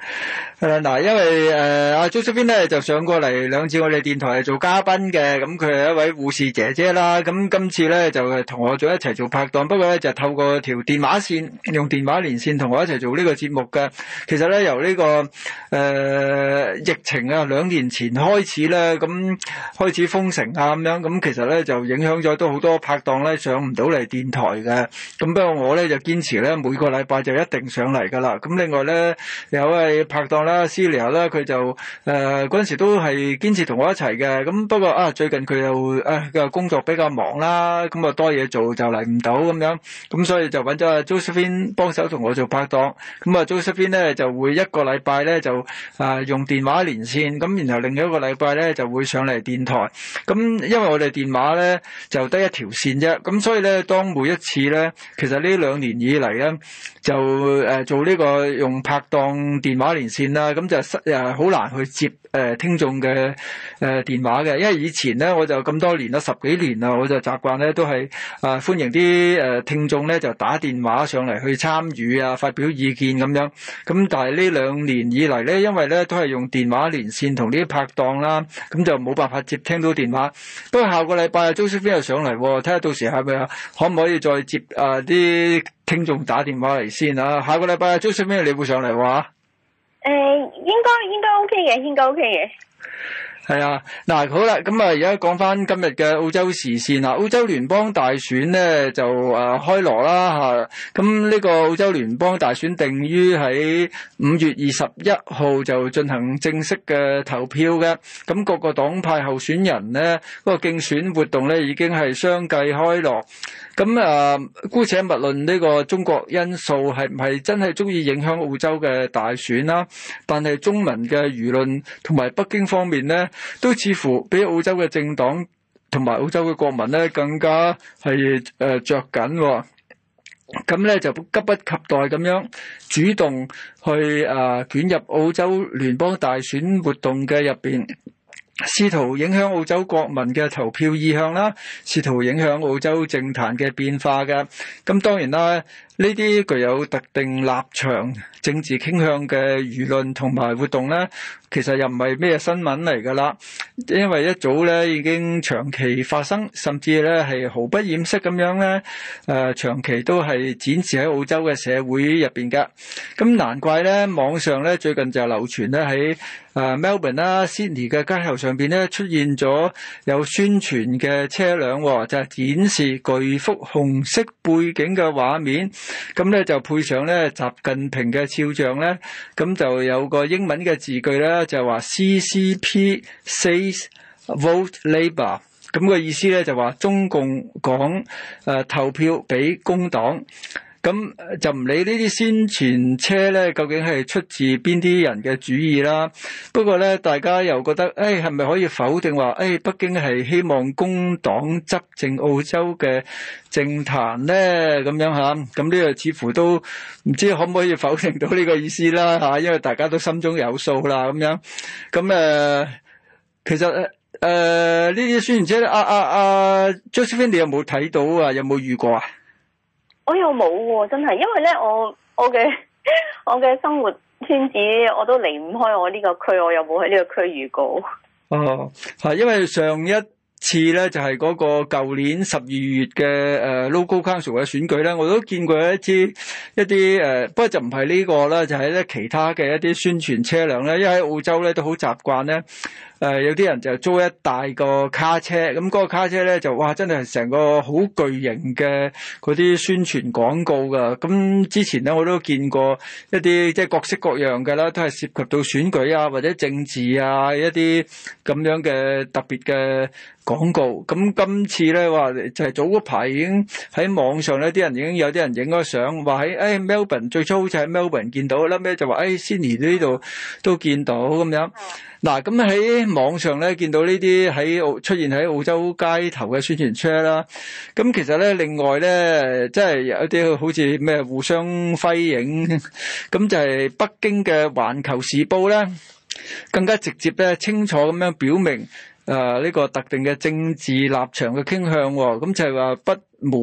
嗱， 因為誒，阿 Josephine 咧就上過嚟兩次我哋電台係做嘉賓嘅，咁佢係一位護士姐姐啦。咁今次咧就係同我做一齊做拍檔，不過咧就透過條電話線，用電話連線同我一齊做呢個節目嘅。其實咧由呢、這個誒、呃、疫情啊，兩年前開始咧，咁開始封城啊咁樣，咁其實咧就影響咗都好多拍檔咧上唔到嚟電台嘅。咁不過我咧就堅持咧每個禮拜就一定上嚟噶啦。咁另外咧，有位拍檔啦、師弟啦，佢就誒嗰陣時都係堅持同我一齊嘅。咁不過啊，最近佢又誒個、啊、工作比較忙啦，咁啊多嘢做就嚟唔到咁樣。咁所以就揾咗阿 Josephine 幫手同我做拍檔，咁啊 Josephine 咧就會一個禮拜咧就誒、呃、用電話連線，咁然後另一個禮拜咧就會上嚟電台。咁因為我哋電話咧就得一條線啫，咁所以咧當每一次咧，其實呢兩年以嚟咧就誒、呃、做呢、這個。用拍檔電話連線啦，咁就誒好難去接誒、呃、聽眾嘅誒電話嘅，因為以前咧我就咁多年啦，十幾年啦，我就習慣咧都係啊、呃、歡迎啲誒、呃、聽眾咧就打電話上嚟去參與啊，發表意見咁樣。咁但係呢兩年以嚟咧，因為咧都係用電話連線同呢啲拍檔啦，咁、嗯、就冇辦法接聽到電話。不過下個禮拜啊，周叔邊又上嚟，睇、哦、下到時係咪可唔可以再接啊啲？呃聽眾打電話嚟先啊，下個禮拜最出面你會上嚟話？誒、呃，應該應該 OK 嘅，應該 OK 嘅。係啊，嗱，好啦，咁啊，而家講翻今日嘅澳洲時事啦。澳洲聯邦大選咧就誒、啊、開鑼啦吓，咁、啊、呢個澳洲聯邦大選定於喺五月二十一號就進行正式嘅投票嘅。咁各個黨派候選人咧，嗰、那個競選活動咧已經係相繼開鑼。咁啊、呃，姑且勿論呢個中國因素係唔係真係中意影響澳洲嘅大選啦、啊，但係中文嘅輿論同埋北京方面咧，都似乎比澳洲嘅政黨同埋澳洲嘅國民咧更加係誒、呃、著緊，咁咧就急不及待咁樣主動去誒、呃、捲入澳洲聯邦大選活動嘅入邊。試圖影響澳洲國民嘅投票意向啦，試圖影響澳洲政壇嘅變化㗎，咁當然啦。呢啲具有特定立場、政治傾向嘅輿論同埋活動咧，其實又唔係咩新聞嚟㗎啦。因為一早咧已經長期發生，甚至咧係毫不掩飾咁樣咧，誒長期都係展示喺澳洲嘅社會入邊嘅。咁難怪咧，網上咧最近就流傳咧喺誒 Melbourne 啦、Sydney 嘅街頭上邊咧出現咗有宣傳嘅車輛，就係展示巨幅紅色背景嘅畫面。咁咧就配上咧習近平嘅肖像咧，咁就有個英文嘅字句咧，就話 CCP says vote Labour，咁個意思咧就話中共講、呃、投票俾工黨。咁就唔理呢啲宣傳車咧，究竟係出自邊啲人嘅主意啦。不過咧，大家又覺得，誒係咪可以否定話，誒、哎、北京係希望工黨執政澳洲嘅政壇咧？咁樣吓，咁呢個似乎都唔知可唔可以否定到呢個意思啦、啊、因為大家都心中有數啦咁樣。咁、啊、誒，其實呢啲、呃、宣傳車，啊啊啊 Josephine，你有冇睇到啊？有冇遇過啊？我又冇喎，真係，因為咧我，我嘅我嘅生活圈子我都離唔開我呢個區，我又冇喺呢個區預告？哦，係，因為上一次咧就係、是、嗰個舊年十二月嘅誒、呃、Local Council 嘅選舉咧，我都見過一啲一啲誒、呃，不過就唔係呢個啦，就係、是、咧其他嘅一啲宣傳車輛咧，因為喺澳洲咧都好習慣咧。誒有啲人就租一大個卡車，咁嗰個卡車咧就哇真係成個好巨型嘅嗰啲宣傳廣告㗎。咁之前咧我都見過一啲即係各式各樣嘅啦，都係涉及到選舉啊或者政治啊一啲咁樣嘅特別嘅廣告。咁今次咧話就係、是、早嗰排已經喺網上咧，啲人已經有啲人影咗相，話喺、哎、Melbourne 最初好似喺 Melbourne 見到，啦咩就話誒 Sydney 呢度都見到咁樣。嗱，咁喺網上咧見到呢啲喺澳出現喺澳洲街頭嘅宣傳車啦，咁其實咧另外咧，即係有一啲好似咩互相輝映，咁就係北京嘅《環球時報》咧，更加直接咧清楚咁樣表明，誒呢個特定嘅政治立場嘅傾向，咁就係話不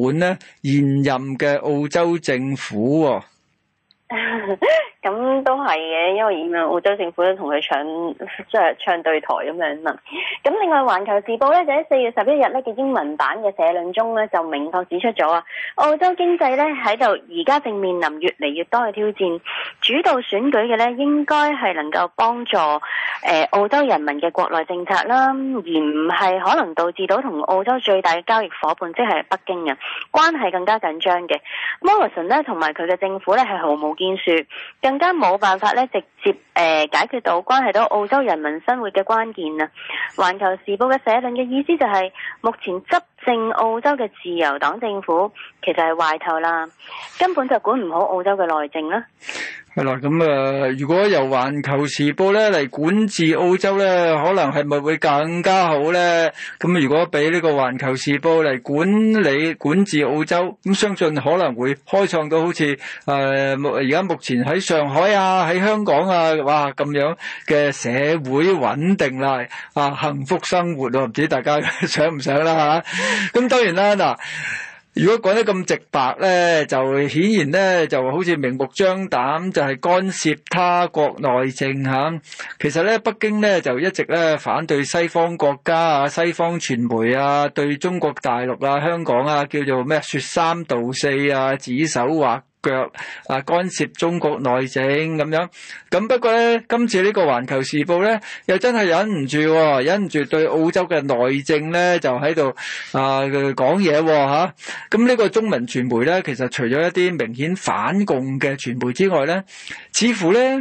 滿咧現任嘅澳洲政府喎。咁都係嘅，因為以往澳洲政府都同佢唱即係唱對台咁樣啦。咁另外《環球時報》咧就喺四月十一日呢嘅英文版嘅社論中咧就明確指出咗啊，澳洲經濟咧喺度而家正面臨越嚟越多嘅挑戰。主導選舉嘅咧應該係能夠幫助、呃、澳洲人民嘅國內政策啦，而唔係可能導致到同澳洲最大嘅交易伙伴即係、就是、北京嘅關係更加緊張嘅。Morrison 呢，同埋佢嘅政府咧係毫無建樹。更加冇辦法咧，直接誒、呃、解決到關係到澳洲人民生活嘅關鍵啊！環球時報嘅社論嘅意思就係，目前執政澳洲嘅自由黨政府其實係壞頭啦，根本就管唔好澳洲嘅內政啦。係啦，咁啊，如果由環球時報咧嚟，管治澳洲咧，可能係咪會更加好咧？咁如果俾呢個環球時報嚟,管理管治澳洲，咁相信可能會開創到好似誒，而家目前喺上海啊，喺香港啊，哇咁樣嘅社會穩定啦，啊幸福生活咯，唔知大家想唔想啦吓？咁當然啦嗱。如果講得咁直白咧，就顯然咧就好似明目張膽，就係、是、干涉他國內政嚇。其實咧，北京咧就一直咧反對西方國家啊、西方傳媒啊，對中國大陸啊、香港啊叫做咩説三道四啊、指手畫腳。啊，干涉中國內政咁樣，咁不過咧，今次呢、呢個《環球時報》咧，又真係忍唔住、哦，忍唔住對澳洲嘅內政咧，就喺度啊講嘢喎。咁呢、哦啊、個中文傳媒咧，其實除咗一啲明顯反共嘅傳媒之外咧，似乎咧，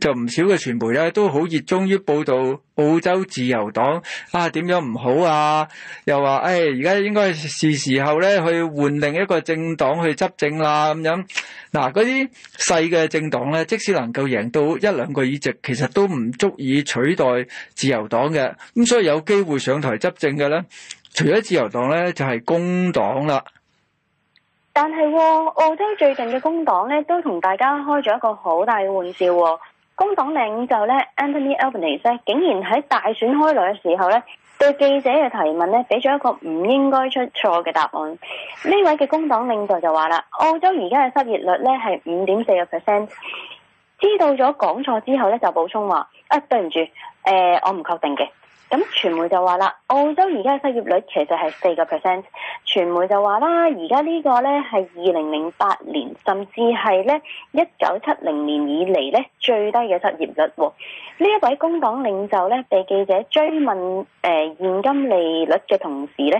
就唔少嘅傳媒咧，都好熱衷於報道澳洲自由黨啊，點樣唔好啊？又話誒，而、哎、家應該係是時候咧，去換另一個政黨去執政啦咁樣。嗱、啊，嗰啲細嘅政黨咧，即使能夠贏到一兩個議席，其實都唔足以取代自由黨嘅。咁所以有機會上台執政嘅咧，除咗自由黨咧，就係、是、工黨啦。但係、啊、澳洲最近嘅工黨咧，都同大家開咗一個好大嘅玩笑、啊。工黨領袖咧，Anthony Albanese 竟然，喺大選開鑼嘅時候咧，對記者嘅提問咧，俾咗一個唔應該出錯嘅答案。呢位嘅工黨領袖就話啦，澳洲而家嘅失業率咧，係五點四個 percent。知道咗講錯之後咧，就補充話：誒，對唔住，誒、呃，我唔確定嘅。咁傳媒就話啦，澳洲而家嘅失業率其實係四個 percent。傳媒就話啦，而家呢個呢係二零零八年，甚至係呢一九七零年以嚟呢最低嘅失業率，哦。呢一位工黨領袖呢，被記者追問誒、呃、現金利率嘅同時呢，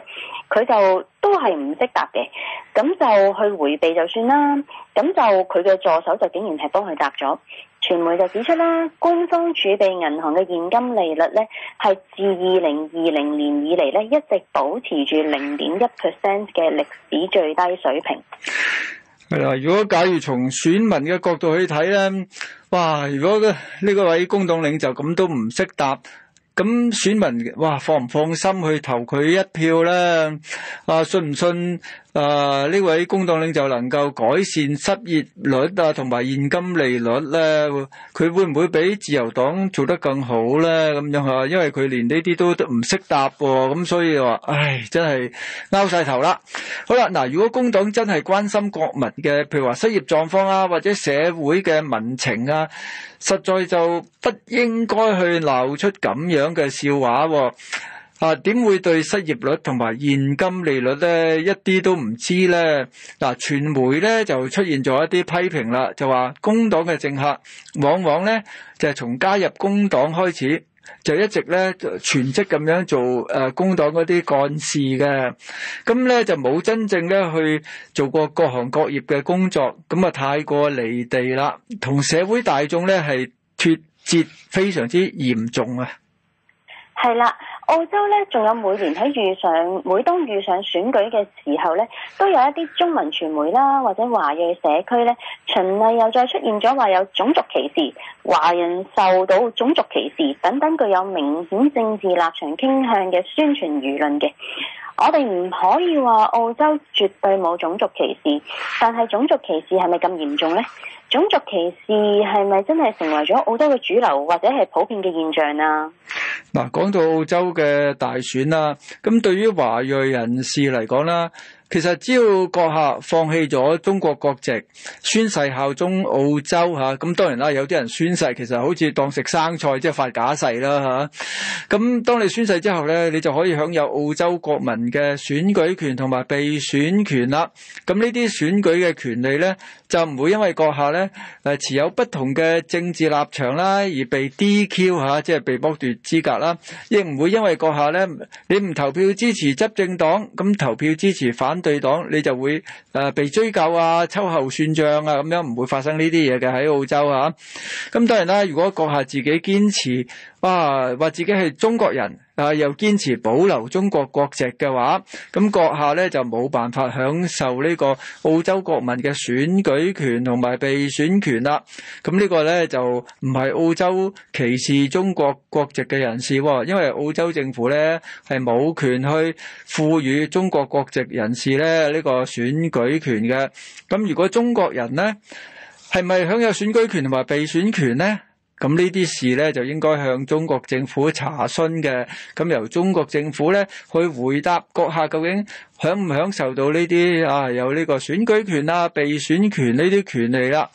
佢就都係唔識答嘅，咁就去迴避就算啦。咁就佢嘅助手就竟然係幫佢答咗。傳媒就指出啦，官方儲備銀行嘅現金利率咧，係自二零二零年以嚟咧一直保持住零點一 percent 嘅歷史最低水平。係啦，如果假如從選民嘅角度去睇咧，哇！如果呢呢個位工黨領袖咁都唔識答，咁選民哇放唔放心去投佢一票咧？啊，信唔信？啊！呢位工黨領袖能夠改善失業率啊，同埋現金利率咧，佢會唔會比自由黨做得更好咧？咁樣吓，因為佢連呢啲都唔識答喎，咁所以話，唉，真係拗晒頭啦！好啦，嗱，如果工黨真係關心國民嘅，譬如話失業狀況啊，或者社會嘅民情啊，實在就不應該去鬧出咁樣嘅笑話喎。啊！點會對失業率同埋現金利率咧一啲都唔知咧？嗱、啊，傳媒咧就出現咗一啲批評啦，就話工黨嘅政客往往咧就係從加入工黨開始就一直咧全職咁樣做誒工黨嗰啲幹事嘅，咁咧就冇真正咧去做過各行各業嘅工作，咁啊，太過離地啦，同社會大眾咧係脫節非常之嚴重啊！係啦。澳洲咧，仲有每年喺遇上每當遇上選舉嘅時候咧，都有一啲中文傳媒啦，或者華裔社區咧，循例又再出現咗話有種族歧視，華人受到種族歧視等等，具有明顯政治立場傾向嘅宣傳輿論嘅。我哋唔可以話澳洲絕對冇種族歧視，但係種族歧視係咪咁嚴重呢？種族歧視係咪真係成為咗澳洲嘅主流或者係普遍嘅現象啊？嗱，講到澳洲嘅大選啦，咁對於華裔人士嚟講啦，其實只要閣下放棄咗中國國籍，宣誓效忠澳洲吓，咁當然啦，有啲人宣誓其實好似當食生菜，即係發假誓啦吓。咁當你宣誓之後咧，你就可以享有澳洲國民嘅選舉權同埋被選權啦。咁呢啲選舉嘅權利咧，就唔會因為閣下咧誒持有不同嘅政治立場啦，而被 DQ 吓，即係被剝奪資格啦；亦唔會因為閣下咧，你唔投票支持執政黨，咁投票支持反對黨，你就會誒被追究啊、秋後算賬啊，咁樣唔會發生呢啲嘢嘅喺澳洲吓。咁當然啦，如果閣下自己堅持。啊！話自己係中國人，但係又堅持保留中國國籍嘅話，咁閣下咧就冇辦法享受呢個澳洲國民嘅選舉權同埋被選權啦。咁呢個咧就唔係澳洲歧視中國國籍嘅人士喎，因為澳洲政府咧係冇權去賦予中國國籍人士咧呢個選舉權嘅。咁如果中國人咧係咪享有選舉權同埋被選權咧？咁呢啲事咧，就應該向中國政府查詢嘅。咁由中國政府咧去回答閣下究竟享唔享受到呢啲啊，有呢個選舉權啊、被選權呢啲權利啦、啊。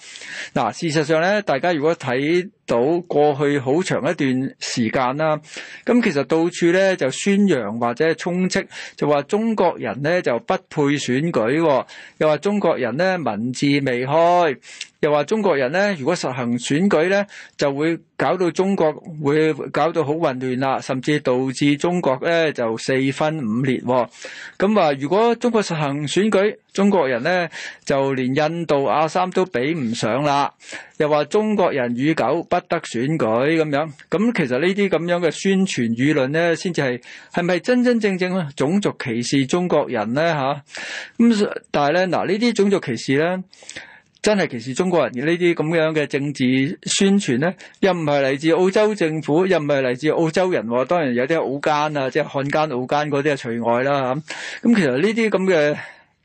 嗱、啊，事實上咧，大家如果睇到過去好長一段時間啦、啊，咁其實到處咧就宣揚或者充斥，就話中國人咧就不配選舉、啊，又話中國人咧民智未開，又話中國人咧如果實行選舉咧就會，搞到中國會搞到好混亂啦，甚至導致中國咧就四分五裂、哦。咁、嗯、話如果中國實行選舉，中國人咧就連印度阿三都比唔上啦。又話中國人與狗不得選舉咁樣。咁、嗯、其實呢啲咁樣嘅宣傳輿論咧，先至係係咪真真正正種族歧視中國人咧？吓，咁、嗯、但係咧嗱，呢啲種族歧視咧。真係歧視中國人呢啲咁樣嘅政治宣傳呢，又唔係嚟自澳洲政府，又唔係嚟自澳洲人。當然有啲澳奸啊，即係漢奸、澳奸嗰啲啊除外啦嚇。咁其實呢啲咁嘅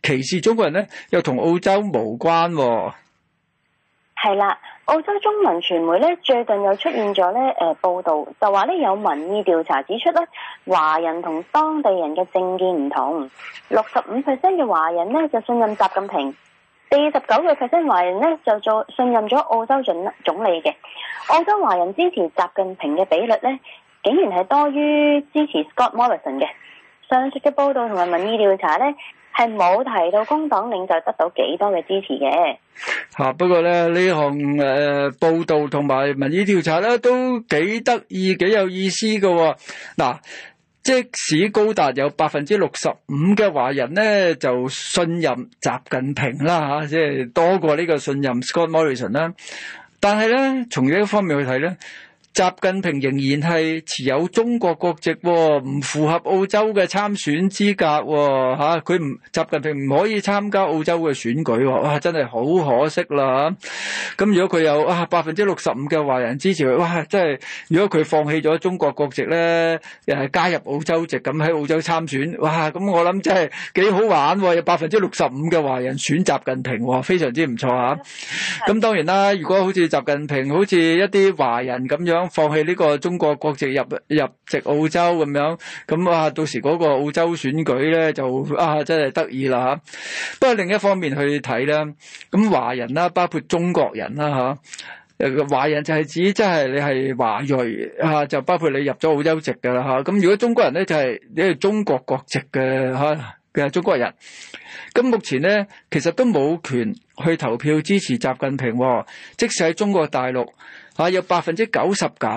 歧視中國人呢，又同澳洲無關。係啦，澳洲中文傳媒呢，最近又出現咗呢報導，就話呢有民意調查指出呢，華人同當地人嘅政見唔同，六十五 percent 嘅華人呢，就信任習近平。四十九個 percent 華人咧，就做信任咗澳洲總總理嘅澳洲華人支持習近平嘅比率咧，竟然係多於支持 Scott Morrison 嘅。上述嘅報道同埋民意調查咧，係冇提到工黨領袖得到幾多嘅支持嘅。嚇、啊！不過咧呢項誒、呃、報道同埋民意調查咧，都幾得意幾有意思㗎喎、哦。嗱。即使高達有百分之六十五嘅華人咧，就信任習近平啦嚇，即係多過呢個信任 Scott Morrison 啦，但係咧，從呢一方面去睇咧，習近平仍然係持有中國國籍，哦，唔符合澳洲嘅參選資格，哦。吓，啊，佢唔，習近平唔可以參加澳洲嘅選舉，哦。哇，真係好可惜啦。咁如果佢有，啊百分之六十五嘅華人支持佢，哇，真係。如果佢放棄咗中國國籍咧，誒，啊，加入澳洲籍，咁喺澳洲參選，哇，咁我諗真係幾好玩，哦。有百分之六十五嘅華人選習近平，哦，非常之唔錯吓。咁當然啦，如果好似習近平，好似一啲華人咁樣。放棄呢個中國國籍入入籍澳洲咁樣，咁啊到時嗰個澳洲選舉咧就啊真係得意啦吓！不過另一方面去睇啦，咁華人啦，包括中國人啦吓，誒、啊，華人就係指即係你係華裔、啊、就包括你入咗澳洲籍噶啦吓。咁、啊、如果中國人咧就係、是、你係中國國籍嘅吓嘅中國人，咁目前咧其實都冇權去投票支持習近平，啊、即使喺中國大陸。啊！有百分之九十九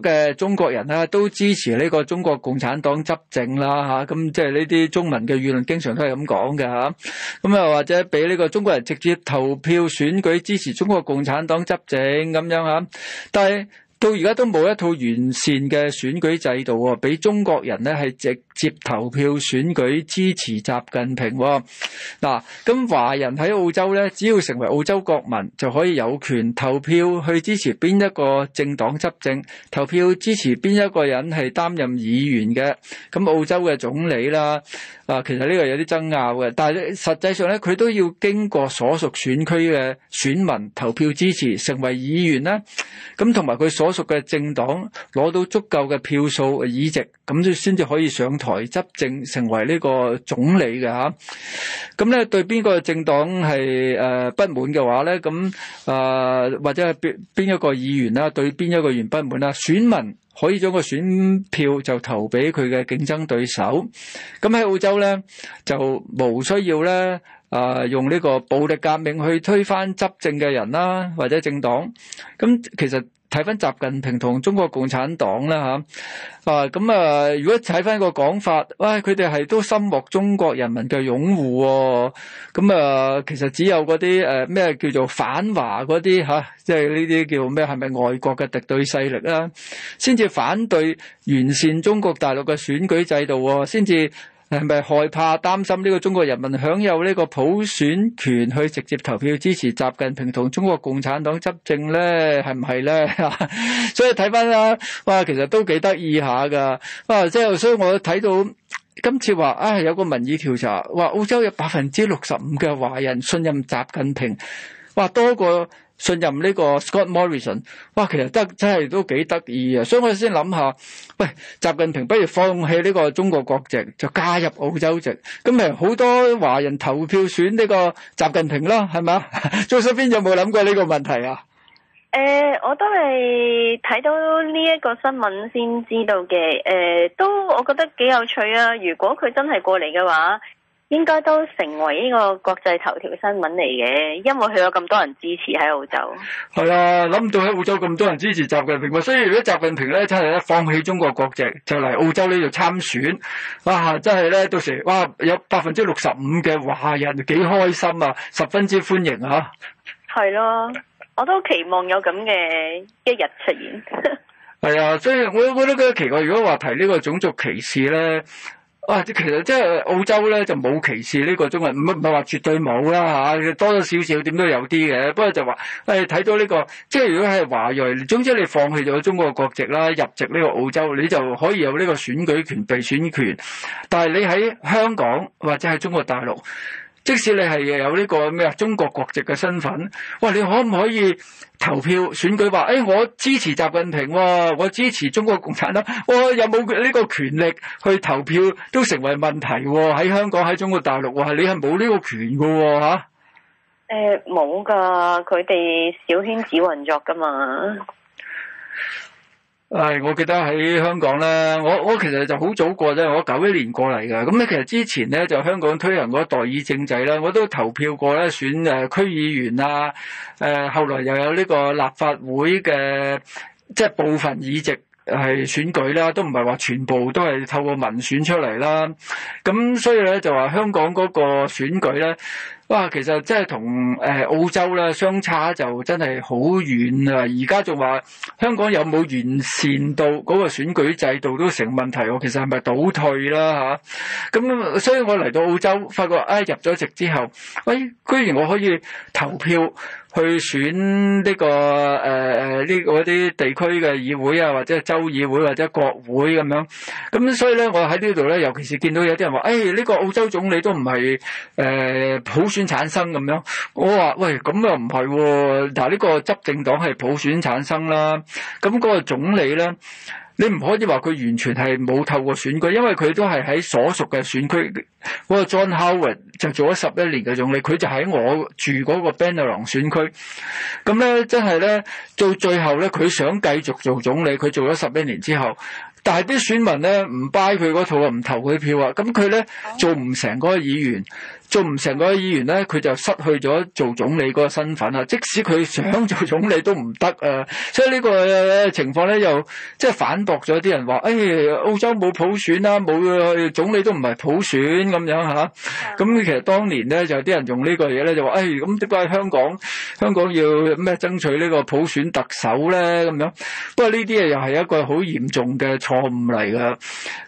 嘅中國人啦，都支持呢個中國共產黨執政啦，嚇！咁即係呢啲中文嘅輿論經常都係咁講嘅嚇。咁啊，或者俾呢個中國人直接投票選舉支持中國共產黨執政咁樣嚇。但係到而家都冇一套完善嘅選舉制度喎、哦，俾中國人呢係直接投票選舉支持習近平喎、哦。嗱、啊，咁華人喺澳洲呢，只要成為澳洲國民就可以有權投票去支持邊一個政黨執政，投票支持邊一個人係擔任議員嘅。咁、啊、澳洲嘅總理啦，啊，其實呢個有啲爭拗嘅，但係實際上咧，佢都要經過所屬選區嘅選民投票支持成為議員啦，咁同埋佢所屬嘅政黨攞到足夠嘅票數、議席，咁就先至可以上台執政，成為呢個總理嘅吓。咁咧對邊個政黨係誒不滿嘅話咧，咁啊或者係邊邊一個議員啦，對邊一個議員不滿啦，選民可以將個選票就投俾佢嘅競爭對手。咁喺澳洲咧就無需要咧啊用呢個暴力革命去推翻執政嘅人啦，或者政黨。咁其實。睇翻習近平同中國共產黨啦吓，啊咁啊，如果睇翻個講法，哇、哎！佢哋係都深獲中國人民嘅擁護喎，咁啊，啊，其實只有嗰啲誒咩叫做反華嗰啲即係呢啲叫咩係咪外國嘅敵對勢力啊，先至反對完善中國大陸嘅選舉制度喎，先、啊、至。係咪害怕擔心呢個中國人民享有呢個普選權去直接投票支持習近平同中國共產黨執政咧？係唔係咧？ 所以睇返啦，哇，其實都幾得意下㗎。哇，即係所以我睇到今次話啊、哎，有個民意調查話澳洲有百分之六十五嘅華人信任習近平，話多過，信任呢個 Scott Morrison，哇，其實得真係都幾得意啊！所以我哋先諗下，喂，習近平不如放棄呢個中國國籍，就加入澳洲籍，咁咪好多華人投票選呢個習近平咯，係咪？周身邊有冇諗過呢個問題啊？誒、呃，我都係睇到呢一個新聞先知道嘅，誒、呃，都我覺得幾有趣啊！如果佢真係過嚟嘅話，應該都成為呢個國際頭條新聞嚟嘅，因為佢有咁多人支持喺澳洲。係啊，諗唔到喺澳洲咁多人支持習近平，所以如果習近平咧真係咧放棄中國國籍，就嚟澳洲呢度參選，哇！真係咧到時候，哇，有百分之六十五嘅華人幾開心啊，十分之歡迎啊！係咯、啊，我都期望有咁嘅一日出現。係 啊，所以我我都覺得奇怪，如果話提呢個種族歧視咧。哇、啊！其實即係澳洲咧就冇歧視呢個中國人，唔唔係話絕對冇啦嚇，多多少少點都有啲嘅。不過就話誒睇到呢個，即係如果係華裔，總之你放棄咗中國國籍啦，入籍呢個澳洲，你就可以有呢個選舉權、被選權。但係你喺香港或者喺中國大陸。即使你係有呢個咩啊，中國國籍嘅身份，哇！你可唔可以投票選舉？話誒、哎，我支持習近平喎，我支持中國共產黨，我有冇呢個權力去投票都成為問題喎？喺、哦、香港，喺中國大陸，你係冇呢個權噶嚇。誒、啊，冇、欸、噶，佢哋小圈子運作噶嘛。誒，我記得喺香港咧，我我其實就好早過啫，我九一年過嚟噶。咁咧，其實之前咧就香港推行嗰代議政制啦，我都投票過咧選誒區議員啊，誒、呃、後來又有呢個立法會嘅，即係部分議席係選舉啦，都唔係話全部都係透過民選出嚟啦。咁所以咧就話香港嗰個選舉咧。哇，其實真係同澳洲咧相差就真係好遠啦，啊！而家仲話香港有冇完善到嗰個選舉制度都成問題喎，啊，其實係咪倒退啦？啊，咁所以我嚟到澳洲發覺啊，哎，入咗籍之後，喂，哎，居然我可以投票。去選呢個誒誒呢啲地區嘅議會啊，或者州議會或者國會咁樣，咁所以呢，我喺呢度呢，尤其是見到有啲人話，誒呢個澳洲總理都唔係誒普選產生咁樣，我話喂，咁又唔係喎，嗱呢個執政黨係普選產生啦，咁嗰個總理呢。你唔可以話佢完全係冇透過選舉，因為佢都係喺所屬嘅選區。嗰個 John Howard 就做咗十一年嘅總理，佢就喺我住嗰個 Bennelong 選區。咁咧，真係咧，到最後咧，佢想繼續做總理，佢做咗十一年之後，但係啲選民咧唔 buy 佢嗰套啊，唔投佢票啊，咁佢咧做唔成嗰個議員。做唔成個議員咧，佢就失去咗做總理嗰個身份啊，即使佢想做總理都唔得啊。所以呢個情況咧，又即係反駁咗啲人話：，誒、哎，澳洲冇普選啦，啊，冇總理都唔係普選咁樣吓，咁、啊、其實當年咧，就有啲人用個呢個嘢咧，就話：，誒、哎，咁點解香港香港要咩爭取呢個普選特首咧？咁樣。不過呢啲嘢又係一個好嚴重嘅錯誤嚟㗎。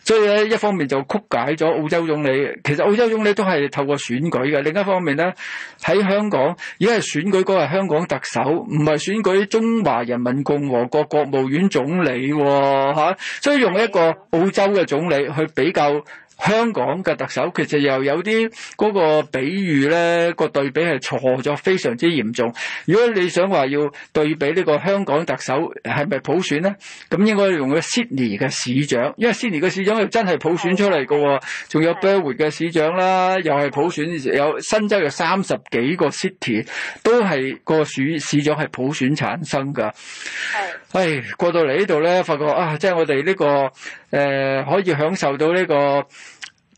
所以咧，一方面就曲解咗澳洲總理。其實澳洲總理都係透過選。選舉嘅。另一方面咧，喺香港而家係選舉嗰個係香港特首，唔係選舉中華人民共和國國務院總理喎，哦啊，所以用一個澳洲嘅總理去比較。香港嘅特首其實又有啲嗰個比喻咧，呢個對比係錯咗非常之嚴重。如果你想話要對比呢個香港特首係咪普選呢？咁應該用個 Sydney 嘅市長，因為 Sydney 嘅市長又真係普選出嚟嘅喎，仲有 Burwood 嘅市長啦，又係普選，有新州有三十幾個 city 都係個市市長係普選產生㗎。係，唉、哎、過到嚟呢度呢，發覺啊，即係我哋呢、呢個。誒、呃、可以享受到呢個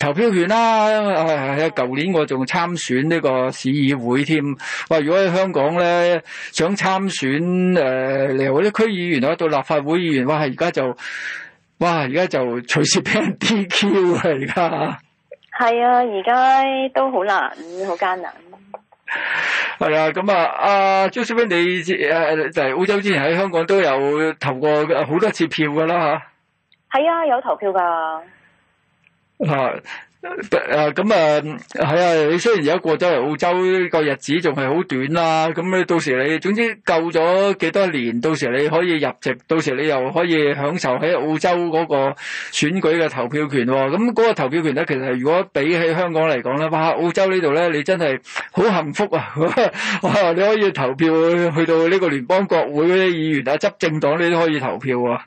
投票權啦！係、哎、啊，舊年我仲參選呢個市議會添。哇！如果喺香港咧想參選誒，嚟、呃、啲區議員啊到立法會議員，哇！而家就哇！而家就隨時俾人 DQ 啦！而家係啊，而家都好難，好艱難。係啊，咁啊，阿朱小斌，你誒就係澳洲之前喺香港都有投過好多次票㗎啦嚇？係啊，有投票噶吓誒，咁、嗯、啊，係、嗯、啊。你、嗯嗯嗯、雖然而家過咗嚟澳洲過、這個、日子還是很短，仲係好短啦。咁你到時你總之夠咗幾多年，到時你可以入籍，到時你又可以享受喺澳洲嗰個選舉嘅投票權。咁、嗯、嗰、那個投票權咧，其實如果比起香港嚟講咧，哇！澳洲這裡呢度咧，你真係好幸福啊！哇，你可以投票去到呢個聯邦國會啲議員啊，執政黨你都可以投票啊！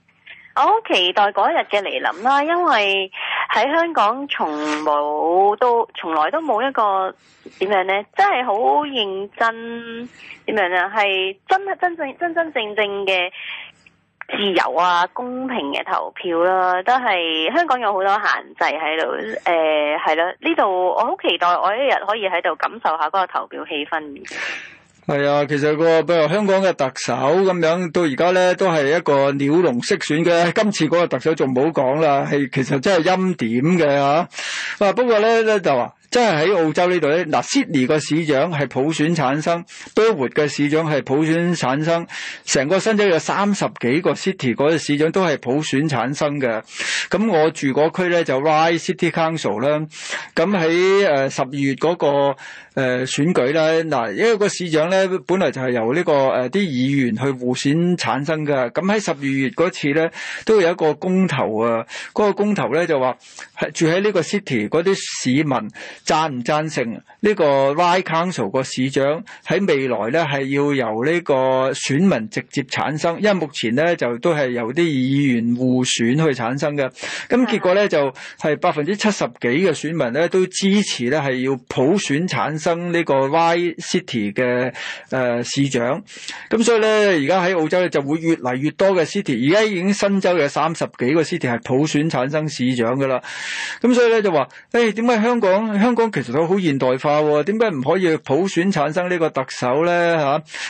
我好期待嗰日嘅嚟臨啦，因為喺香港從冇都從來都冇一個點樣呢，真係好認真，點樣呢？係真真正真真正正嘅自由啊，公平嘅投票啦、啊，都係香港有好多限制喺度，誒係啦，呢度我好期待我一日可以喺度感受一下嗰個投票氣氛。係啊，其實個譬如香港嘅特首咁樣，到而家咧都係一個鳥籠式選嘅。今次嗰個特首仲唔好講啦，係其實真係欽點嘅啊。哇！不過咧咧就話，真係喺澳洲這呢度咧，嗱，Sydney 個市長係普選產生，多活嘅市長係普選產生，成個新州有三十幾個 city 嗰個市長,市長都係普選產生嘅。咁我住嗰區咧就 Ryde City Council 啦。咁喺誒十二月嗰、那個。誒、呃，選舉啦，嗱，因為個市長咧，本來就係由呢、這個誒啲、呃、議員去互選產生噶。咁喺十二月嗰次咧，都有一個公投啊。嗰、那個公投咧就話，係住喺呢個 city 嗰啲市民贊唔贊成呢個拉、Ryde、Council 個市長喺未來咧係要由呢個選民直接產生，因為目前咧就都係由啲議員互選去產生噶。咁結果咧就係、是、百分之七十幾嘅選民咧都支持咧係要普選產生。生、這、呢個 Y City 嘅誒、呃、市長，咁所以咧，而家喺澳洲咧就會越嚟越多嘅 City，而家已經新州有三十幾個 City 係普選產生市長㗎喇，咁所以咧就話，誒點解香港香港其實都好現代化喎、哦？點解唔可以普選產生呢個特首咧嚇？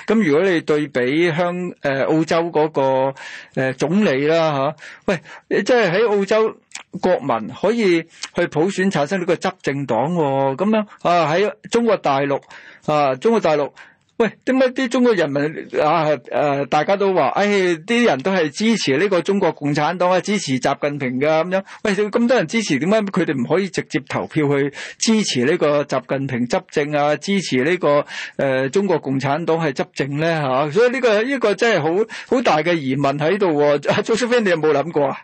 咁、啊、如果你對比香誒、呃、澳洲嗰、那個誒、呃、總理啦嚇、啊，喂，即係喺澳洲。國民可以去普選產生呢個執政黨喎、哦，咁樣啊喺中國大陸啊，中國大陸喂點解啲中國人民啊，啊大家都話，唉、哎，啲人都係支持呢個中國共產黨啊，支持習近平㗎，咁樣，喂咁多人支持，點解佢哋唔可以直接投票去支持呢個習近平執政啊，支持呢、這個、啊、中國共產黨係執政咧嚇？所以呢、這個呢、這個真係好好大嘅疑問喺度喎，Josephine 你有冇諗過啊？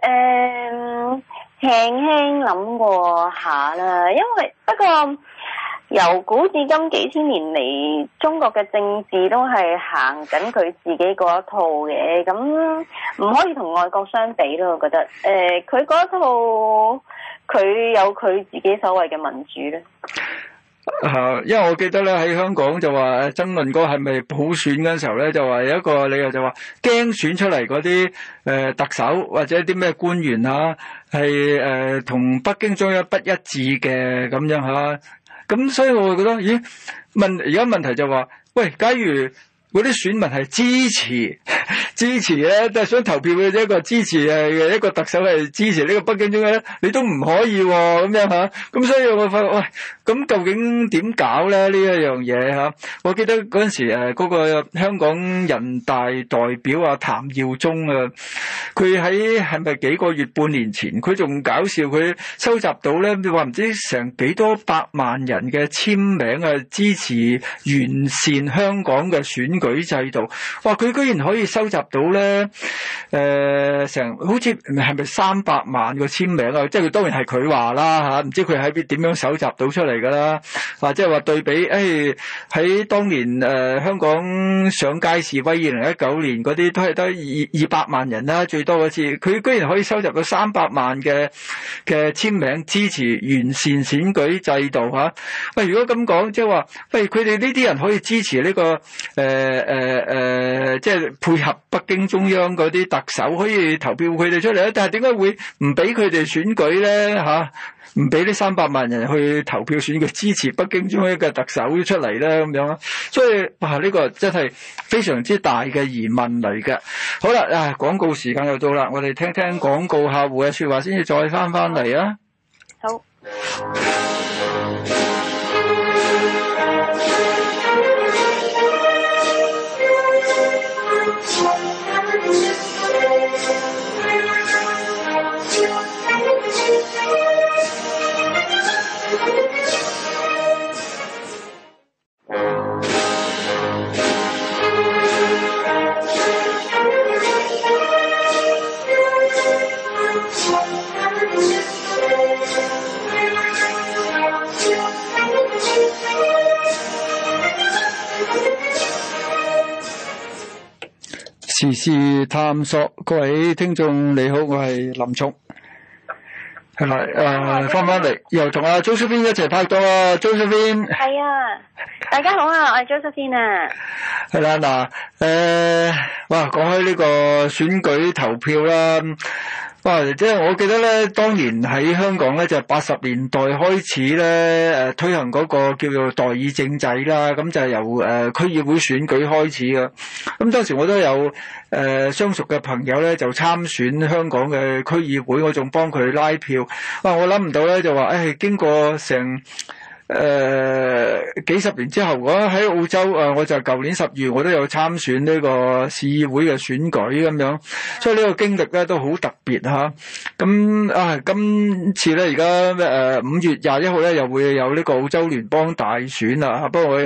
誒、嗯，輕輕諗過下啦，因為不過由古至今幾千年嚟，中國嘅政治都係行緊佢自己嗰一套嘅，咁唔可以同外國相比咯。我覺得，誒、呃，佢嗰一套佢有佢自己所謂嘅民主咧。因為我記得咧，喺香港就話爭論嗰係咪普選嗰時候咧，就話有一個理由就話驚選出嚟嗰啲特首或者啲咩官員啊，係同北京中央不一致嘅咁樣吓，咁，所以我會覺得咦？問而家問題就話，喂，假如嗰啲選民係支持？支持咧，都係想投票嘅一個支持，係一個特首係支持呢、這個北京中央，你都唔可以喎、哦，咁樣嚇。咁、啊、所以我發覺，喂，咁究竟點搞咧呢一樣嘢吓，我記得嗰陣時個嗰、那個香港人大代表啊譚耀宗啊，佢喺係咪幾個月半年前，佢仲搞笑，佢收集到咧，你話唔知成幾多百萬人嘅簽名啊，支持完善香港嘅選舉制度。哇！佢居然可以收集。到咧，成、呃、好似係咪三百萬個簽名啊？即係佢當然係佢話啦嚇，唔知佢喺邊點樣搜集到出嚟㗎啦？或者係話對比，誒、哎、喺當年誒、呃、香港上街示威二零一九年嗰啲都係得二二百萬人啦，最多嗰次，佢居然可以收集到三百萬嘅嘅簽名支持完善選舉制度嚇、啊。喂、呃，如果咁講，即係話，喂、呃，佢哋呢啲人可以支持呢、呢個誒誒即係配合北北京中央嗰啲特首可以投票佢哋出嚟啦，但係點解會唔俾佢哋選舉咧？吓、啊，唔俾呢三百萬人去投票選舉支持北京中央嘅特首出嚟咧咁樣，所以哇，呢、啊，這個真係非常之大嘅疑問嚟嘅。好啦，啊，廣告時間又到啦，我哋聽聽廣告客戶嘅說話先至再翻翻嚟啊。好。 時事探索，各位聽眾你好，我係林聰，係咪？誒，翻翻嚟又同阿 uh, Josephine 是啊，大家好啊， 哇！即係我記得咧，當年喺香港咧就八十年代開始咧推行嗰個叫做代議政制啦，咁就係由、呃、區議會選舉開始㗎。咁當時我都有誒相、呃、熟嘅朋友咧就參選香港嘅區議會，我仲幫佢拉票。哇！我諗唔到咧就話、哎、經過成。誒、呃、幾十年之後、啊在啊，我喺澳洲我就舊年十月我都有參選呢個市議會嘅選舉咁樣，所以呢個經歷咧都好特別嚇、啊。咁啊，今次咧而家五月廿一號咧又會有呢個澳洲聯邦大選啦、啊。不過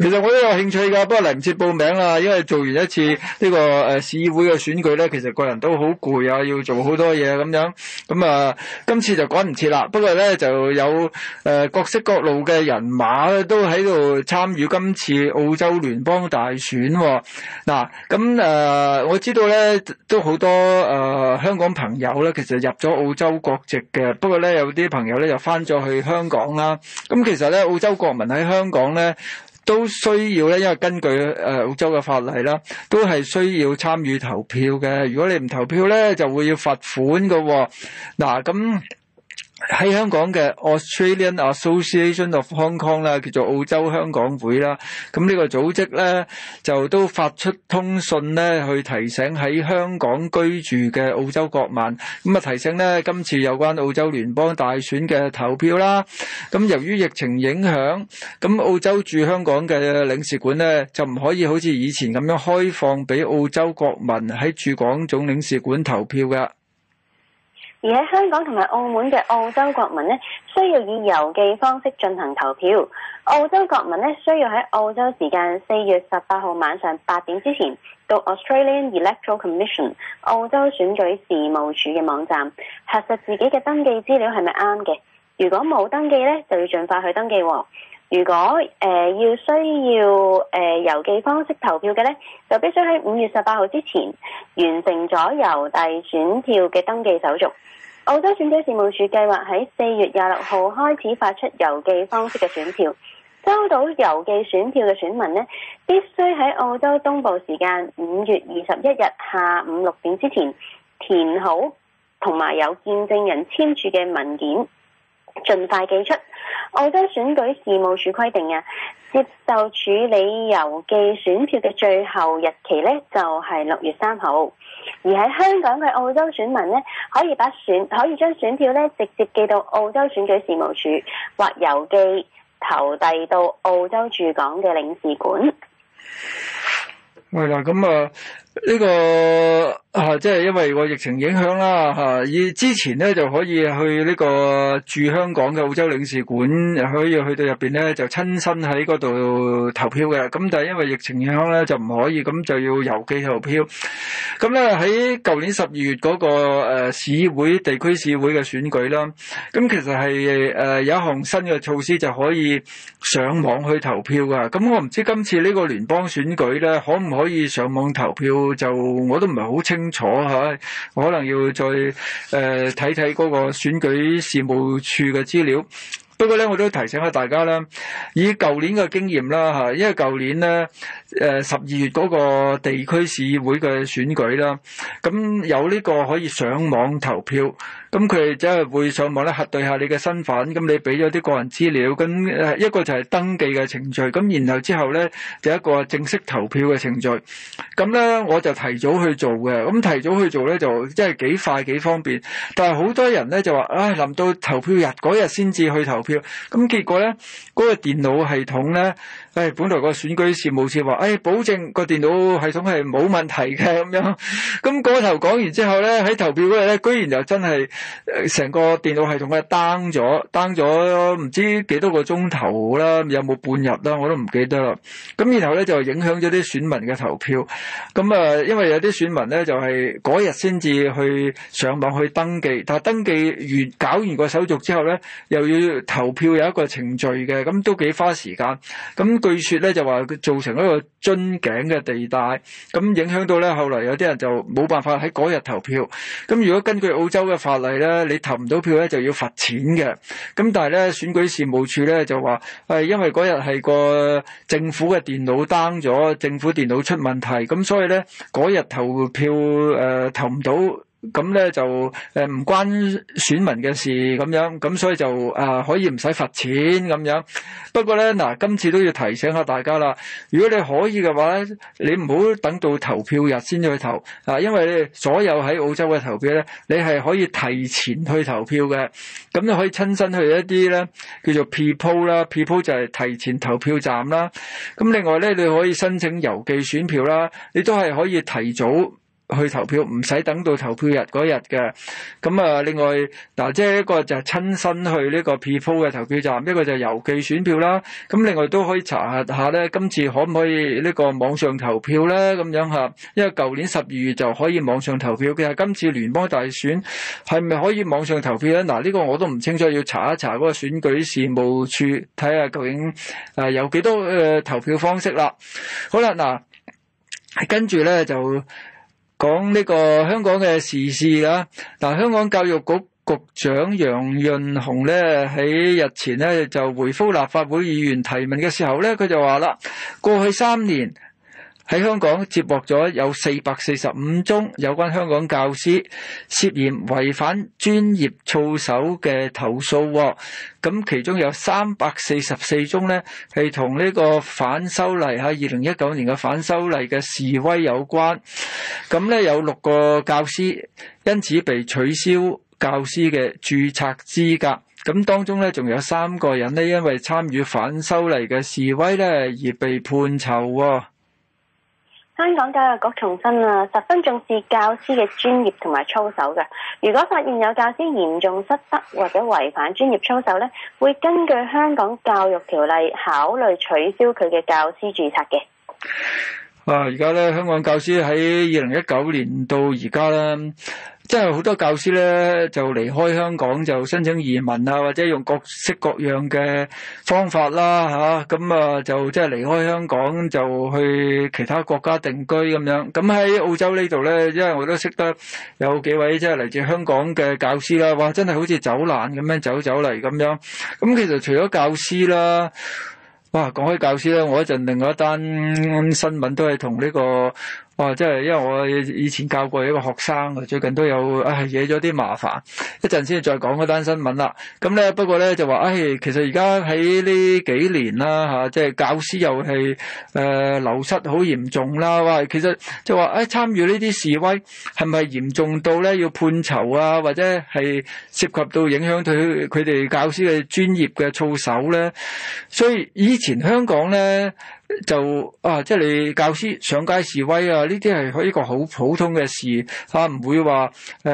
其實我都有興趣㗎，不過嚟唔切報名啦、啊，因為做完一次呢個市議會嘅選舉咧，其實個人都好攰啊，要做好多嘢咁樣。咁啊，今次就趕唔切啦。不過咧就有、呃、各式各路。嘅人馬咧都喺度參與今次澳洲聯邦大選喎、哦，嗱、啊、咁、呃、我知道咧都好多、呃、香港朋友咧其實入咗澳洲國籍嘅，不過咧有啲朋友咧就翻咗去香港啦。咁、啊、其實咧澳洲國民喺香港咧都需要咧，因為根據、呃、澳洲嘅法例啦，都係需要參與投票嘅。如果你唔投票咧，就會要罰款㗎喎、哦。嗱、啊、咁。嗯喺香港嘅 Australian Association of Hong Kong 啦，叫做澳洲香港會啦。咁呢個組織咧就都發出通訊咧，去提醒喺香港居住嘅澳洲國民。咁啊，提醒咧今次有關澳洲聯邦大選嘅投票啦。咁由於疫情影響，咁澳洲駐香港嘅領事館咧就唔可以好似以前咁樣開放俾澳洲國民喺駐港總領事館投票嘅。而喺香港同埋澳門嘅澳洲國民呢，需要以郵寄方式進行投票。澳洲國民呢，需要喺澳洲時間四月十八號晚上八點之前，到 Australian Electoral Commission 澳洲選舉事務處嘅網站，核實自己嘅登記資料係咪啱嘅。如果冇登記呢，就要盡快去登記，哦。如果要、呃、需要誒、呃、郵寄方式投票嘅呢，就必須喺五月十八號之前完成咗郵遞選票嘅登記手續。澳洲選舉事務處計劃喺四月廿六號開始發出郵寄方式嘅選票，收到郵寄選票嘅選民呢，必須喺澳洲東部時間五月二十一日下午六點之前填好同埋有見證人簽署嘅文件，盡快寄出。澳洲選舉事務處規定啊，接受處理郵寄選票嘅最後日期呢，就係六月三號。而喺香港嘅澳洲選民咧，可以把選可以將選票咧，直接寄到澳洲選舉事務處，或郵寄投遞到澳洲駐港嘅領事館。係啦，咁啊。呢、呢個嚇、啊，即係因為個疫情影響啦吓，以之前咧，就可以去呢個駐香港嘅澳洲領事館，可以去到入邊，咧，就親身喺度投票嘅。咁但係因為疫情影響咧、啊、就唔可，可，可以，咁就要郵寄投票。咁咧，喺舊年十二月嗰個誒市會地區市會嘅選舉啦，咁其實係誒有一項新嘅措施，就可以上網去投票㗎。咁我唔知今次呢個聯邦選舉咧可唔可以上網投票？就我都唔係好清楚吓，我可能要再誒睇睇嗰個選舉事務處嘅資料。不過咧，我都提醒下大家啦，以舊年嘅經驗啦吓，因為舊年咧誒十二月嗰個地區市議會嘅選舉啦，咁有呢個可以上網投票。咁佢哋即係會上網咧，核對下你嘅身份，咁你俾咗啲個人資料，咁一個就係登記嘅程序，咁然後之後咧，第、就是、一個正式投票嘅程序，咁咧我就提早去做嘅，咁提早去做咧就即係、就是、幾快幾方便，但係好多人咧就話啊，臨到投票日嗰日先至去投票，咁結果咧嗰、那個電腦系統咧。誒、哎，本來個選舉事務處話，誒、哎、保證個電腦系統係冇問題嘅咁樣，咁、那、嗰、個、頭講完之後咧，喺投票嗰日咧，居然又真係成個電腦系統啊 down 咗，down 咗唔知幾多個鐘頭啦，有冇半日啦，我都唔記得啦。咁然後咧就影響咗啲選民嘅投票。咁啊，因為有啲選民咧就係嗰日先至去上網去登記，但係登記完搞完個手續之後咧，又要投票有一個程序嘅，咁都幾花時間。咁據說咧就話佢造成一個樽頸嘅地帶，咁影響到咧後來有啲人就冇辦法喺嗰日投票。咁如果根據澳洲嘅法例咧，你投唔到票咧就要罰錢嘅。咁但係咧選舉事務處咧就話，誒、哎、因為嗰日係個政府嘅電腦 down 咗，政府電腦出問題，咁所以咧嗰日投票誒、呃、投唔到。咁咧就唔關選民嘅事咁樣，咁所以就、啊、可以唔使罰錢咁樣。不過咧嗱，今次都要提醒下大家啦，如果你可以嘅話咧，你唔好等到投票日先去投啊，因為所有喺澳洲嘅投票咧，你係可以提前去投票嘅。咁你可以親身去一啲咧叫做 pre-poll 啦，pre-poll 就係提前投票站啦。咁另外咧，你可以申請郵寄選票啦，你都係可以提早。去投票唔使等到投票日嗰日嘅咁啊。另外嗱，即係一個就係親身去呢個票嘅投票站，一個就郵寄選票啦。咁另外都可以查下咧，今次可唔可以呢個網上投票咧？咁樣吓，因為舊年十二月就可以網上投票嘅，今次聯邦大選係咪可以網上投票咧？嗱，呢個我都唔清楚，要查一查嗰個選舉事務處睇下究竟誒有幾多誒投票方式啦。好啦，嗱，跟住咧就。講呢個香港嘅時事啊，嗱，香港教育局局長楊潤雄咧喺日前咧就回覆立法會議員提問嘅時候咧，佢就話啦，過去三年。喺香港接獲咗有四百四十五宗有關香港教師涉嫌違反專業操守嘅投訴，咁其中有三百四十四宗呢，係同呢個反修例喺二零一九年嘅反修例嘅示威有關。咁咧有六個教師因此被取消教師嘅註冊資格，咁當中咧仲有三個人呢，因為參與反修例嘅示威咧而被判囚。香港教育局重申啊，十分重視教師嘅專業同埋操守嘅。如果發現有教師嚴重失德或者違反專業操守咧，會根據香港教育條例考慮取消佢嘅教師註冊嘅。啊，而家咧，香港教師喺二零一九年到而家咧。即係好多教師咧，就離開香港，就申請移民啊，或者用各式各樣嘅方法啦，嚇咁啊，就即係離開香港，就去其他國家定居咁樣。咁喺澳洲呢度咧，因為我都識得有幾位即係嚟自香港嘅教師啦，哇！真係好似走難咁樣走走嚟咁樣。咁其實除咗教師啦，哇！講開教師咧，我一陣另外一單新聞都係同呢個。哇！真係，因為我以前教過一個學生啊，最近都有啊惹咗啲麻煩，一陣先再講嗰單新聞啦。咁咧，不過咧就話啊、哎，其實而家喺呢幾年啦吓，即、啊、係、即係、教師又係誒、呃、流失好嚴重啦。哇！其實就話啊、哎，參與呢啲示威係咪嚴重到咧要判囚啊，或者係涉及到影響佢佢哋教師嘅專業嘅操守咧？所以以前香港咧。就啊，即、就、係、是、你教師上街示威啊，呢啲係一個好普通嘅事嚇、啊，唔會話誒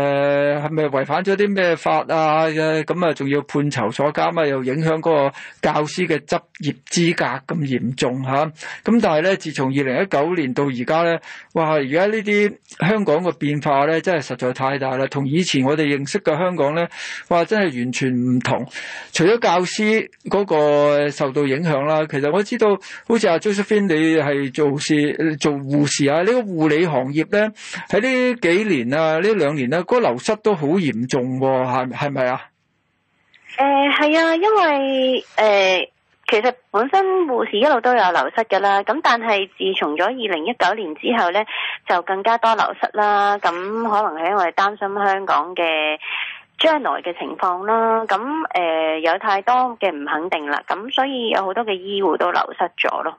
係咪違反咗啲咩法啊咁啊，仲要判囚坐監啊，又影響嗰個教師嘅執業資格咁嚴重咁、啊啊、但係咧，自從二零一九年到而家咧，哇，而家呢啲香港嘅變化咧，真係實在太大啦，同以前我哋認識嘅香港咧，哇，真係完全唔同。除咗教師嗰個受到影響啦、啊，其實我知道好似阿 Josephine，你係做事做護士啊？呢個護理行業呢，喺呢幾年啊，呢兩年啊，嗰流失都好嚴重喎，係係咪啊？誒係啊，因為誒其實本身護士一路都有流失噶啦，咁但係自從咗二零一九年之後呢，就更加多流失啦。咁可能係因為擔心香港嘅將來嘅情況啦，咁誒有太多嘅唔肯定啦，咁所以有好多嘅醫護都流失咗咯。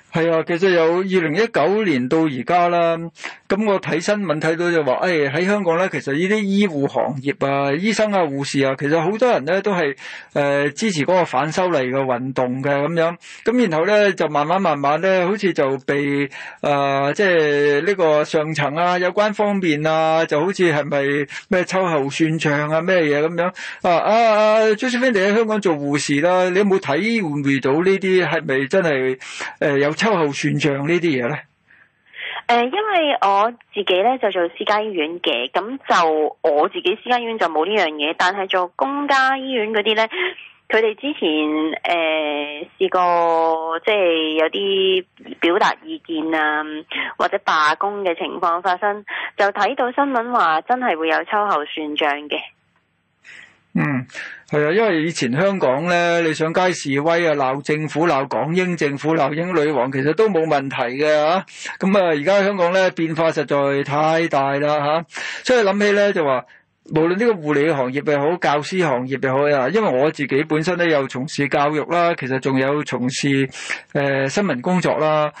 係啊，其實由二零一九年到而家啦，咁我睇新聞睇到就話，誒、哎、喺香港咧，其實呢啲醫護行業啊、醫生啊、護士啊，其實好多人咧都係、呃、支持嗰個反修例嘅運動嘅咁樣。咁然後咧就慢慢慢慢咧，好似就被啊，即係呢個上層啊、有關方面啊，就好似係咪咩秋後算帳啊咩嘢咁樣。啊啊，Josephine 你喺香港做護士啦，你有冇睇會唔會到呢啲係咪真係、呃、有秋後算賬呢啲嘢呢？因為我自己呢，就做私家醫院嘅，咁就我自己私家醫院就冇呢樣嘢，但係做公家醫院嗰啲呢，佢哋之前誒試過即係有啲表達意見啊或者罷工嘅情況發生，就睇到新聞話真係會有秋後算賬嘅。嗯，係啊，因為以前香港咧，你上街示威啊，鬧政府、鬧港英政府、鬧英女王，其實都冇問題嘅吓。咁啊，而家香港咧變化實在太大啦吓、啊，所以諗起咧就話，無論呢個護理行業又好，教師行業又好啊，因為我自己本身咧又從事教育啦，其實仲有從事誒、呃、新聞工作啦。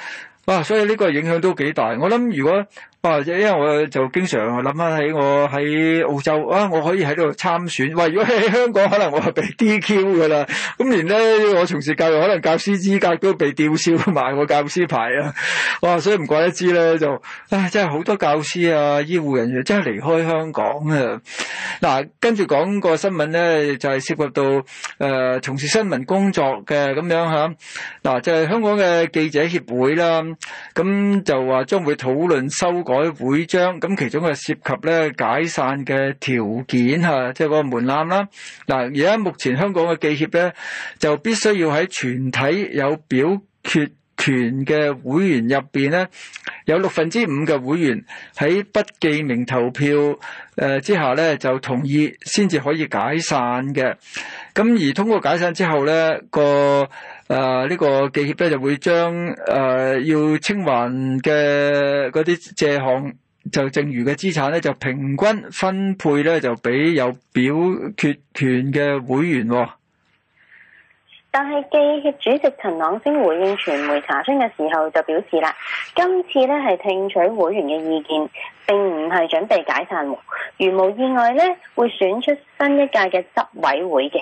啊，所以呢個影響都幾大。我諗如果，哇、啊！因為我就經常諗翻喺我喺澳洲，啊，我可以喺度參選。喂，如果喺香港，可能我係被 DQ 噶啦。咁連咧，我從事教育，可能教師資格都被吊銷埋個教師牌啊！哇！所以唔怪得知咧，就唉、哎，真係好多教師啊、醫護人員真係離開香港啊！嗱，跟住講個新聞咧，就係、是、涉及到誒從、呃、事新聞工作嘅咁樣吓。嗱、啊，就係、是、香港嘅記者協會啦，咁就話將會討論收。改會章咁，其中嘅涉及咧解散嘅條件嚇，即係嗰個門檻啦。嗱，而家目前香港嘅記協咧，就必須要喺全體有表決權嘅會員入邊咧，有六分之五嘅會員喺不記名投票誒之下咧，就同意先至可以解散嘅。咁而通過解散之後咧，這個誒呢、呃呢個記協咧就會將誒、呃、要清還嘅嗰啲借項就剩餘嘅資產咧，就平均分配咧，就俾有表決權嘅會員、哦。但係記協主席陳朗昇回應傳媒查詢嘅時候就表示啦，今次咧係聽取會員嘅意見，並唔係準備解散，如無意外咧，會選出新一屆嘅執委會嘅。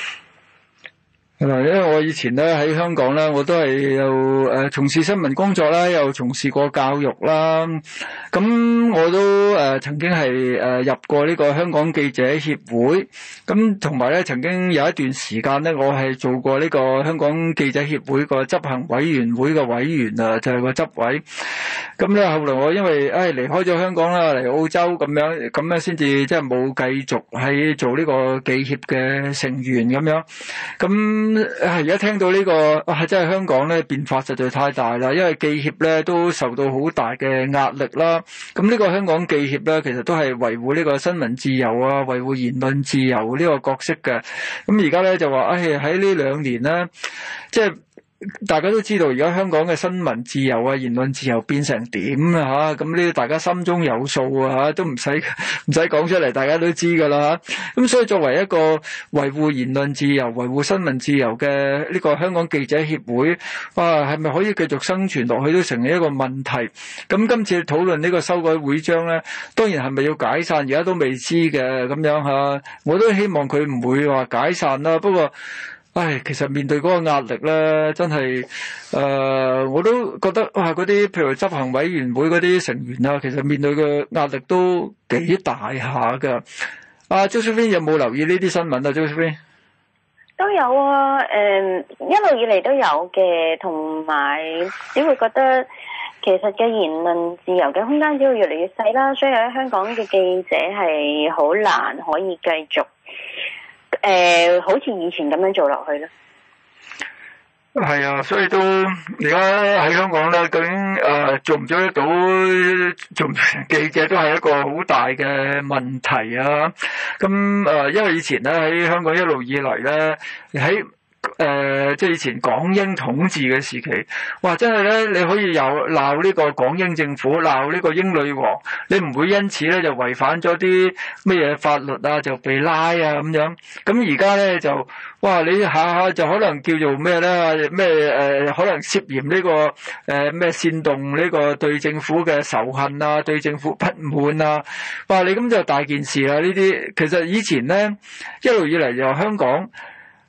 因為我以前咧喺香港咧，我都係又誒從事新聞工作啦，又從事過教育啦。咁我都誒曾經係誒入過呢個香港記者協會。咁同埋咧，曾經有一段時間咧，我係做過呢個香港記者協會個執行委員會嘅委員啊，就係個執委。咁咧，後來我因為誒離開咗香港啦，嚟澳洲咁樣，咁咧先至即係冇繼續喺做呢個記協嘅成員咁樣。咁係而家聽到呢個，即係香港咧變化實在太大啦，因為記協咧都受到好大嘅壓力啦。咁呢個香港記協咧，其實都係維護呢個新聞自由啊，維護言論自由呢個角色嘅。咁而家咧就話，喺呢兩年咧，即係。大家都知道而家香港嘅新聞自由啊、言論自由變成點啊，吓，咁呢大家心中有數啊吓，都唔使唔使講出嚟，大家都知噶啦吓。咁所以作為一個維護言論自由、維護新聞自由嘅呢個香港記者協會，啊，係咪可以繼續生存落去都成一個問題。咁今次討論呢個修改會章呢，當然係咪要解散，而家都未知嘅咁樣吓、啊。我都希望佢唔會話解散啦，不過。唉，其實面對嗰個壓力咧，真係誒、呃，我都覺得哇，嗰啲譬如執行委員會嗰啲成員啦，其實面對嘅壓力都幾大下噶。阿、啊、Josephine 有冇留意呢啲新聞啊？Josephine 都有啊，誒、嗯，一路以嚟都有嘅，同埋只會覺得其實嘅言論自由嘅空間只會越嚟越細啦，所以喺香港嘅記者係好難可以繼續。誒、呃，好似以前咁樣做落去咧，係啊，所以都而家喺香港咧，究竟誒、呃、做唔做得到做記者都係一個好大嘅問題啊！咁誒、呃，因為以前咧喺香港一路以嚟咧喺。誒、呃，即係以前港英統治嘅時期，哇！真係咧，你可以有鬧呢個港英政府，鬧呢個英女王，你唔會因此咧就違反咗啲乜嘢法律啊，就被拉啊咁樣。咁而家咧就，哇！你下下就可能叫做咩咧？咩誒、呃？可能涉嫌呢、這個誒咩、呃、煽動呢個對政府嘅仇恨啊，對政府不滿啊？哇！你咁就大件事啦。呢啲其實以前咧一路以嚟，就香港，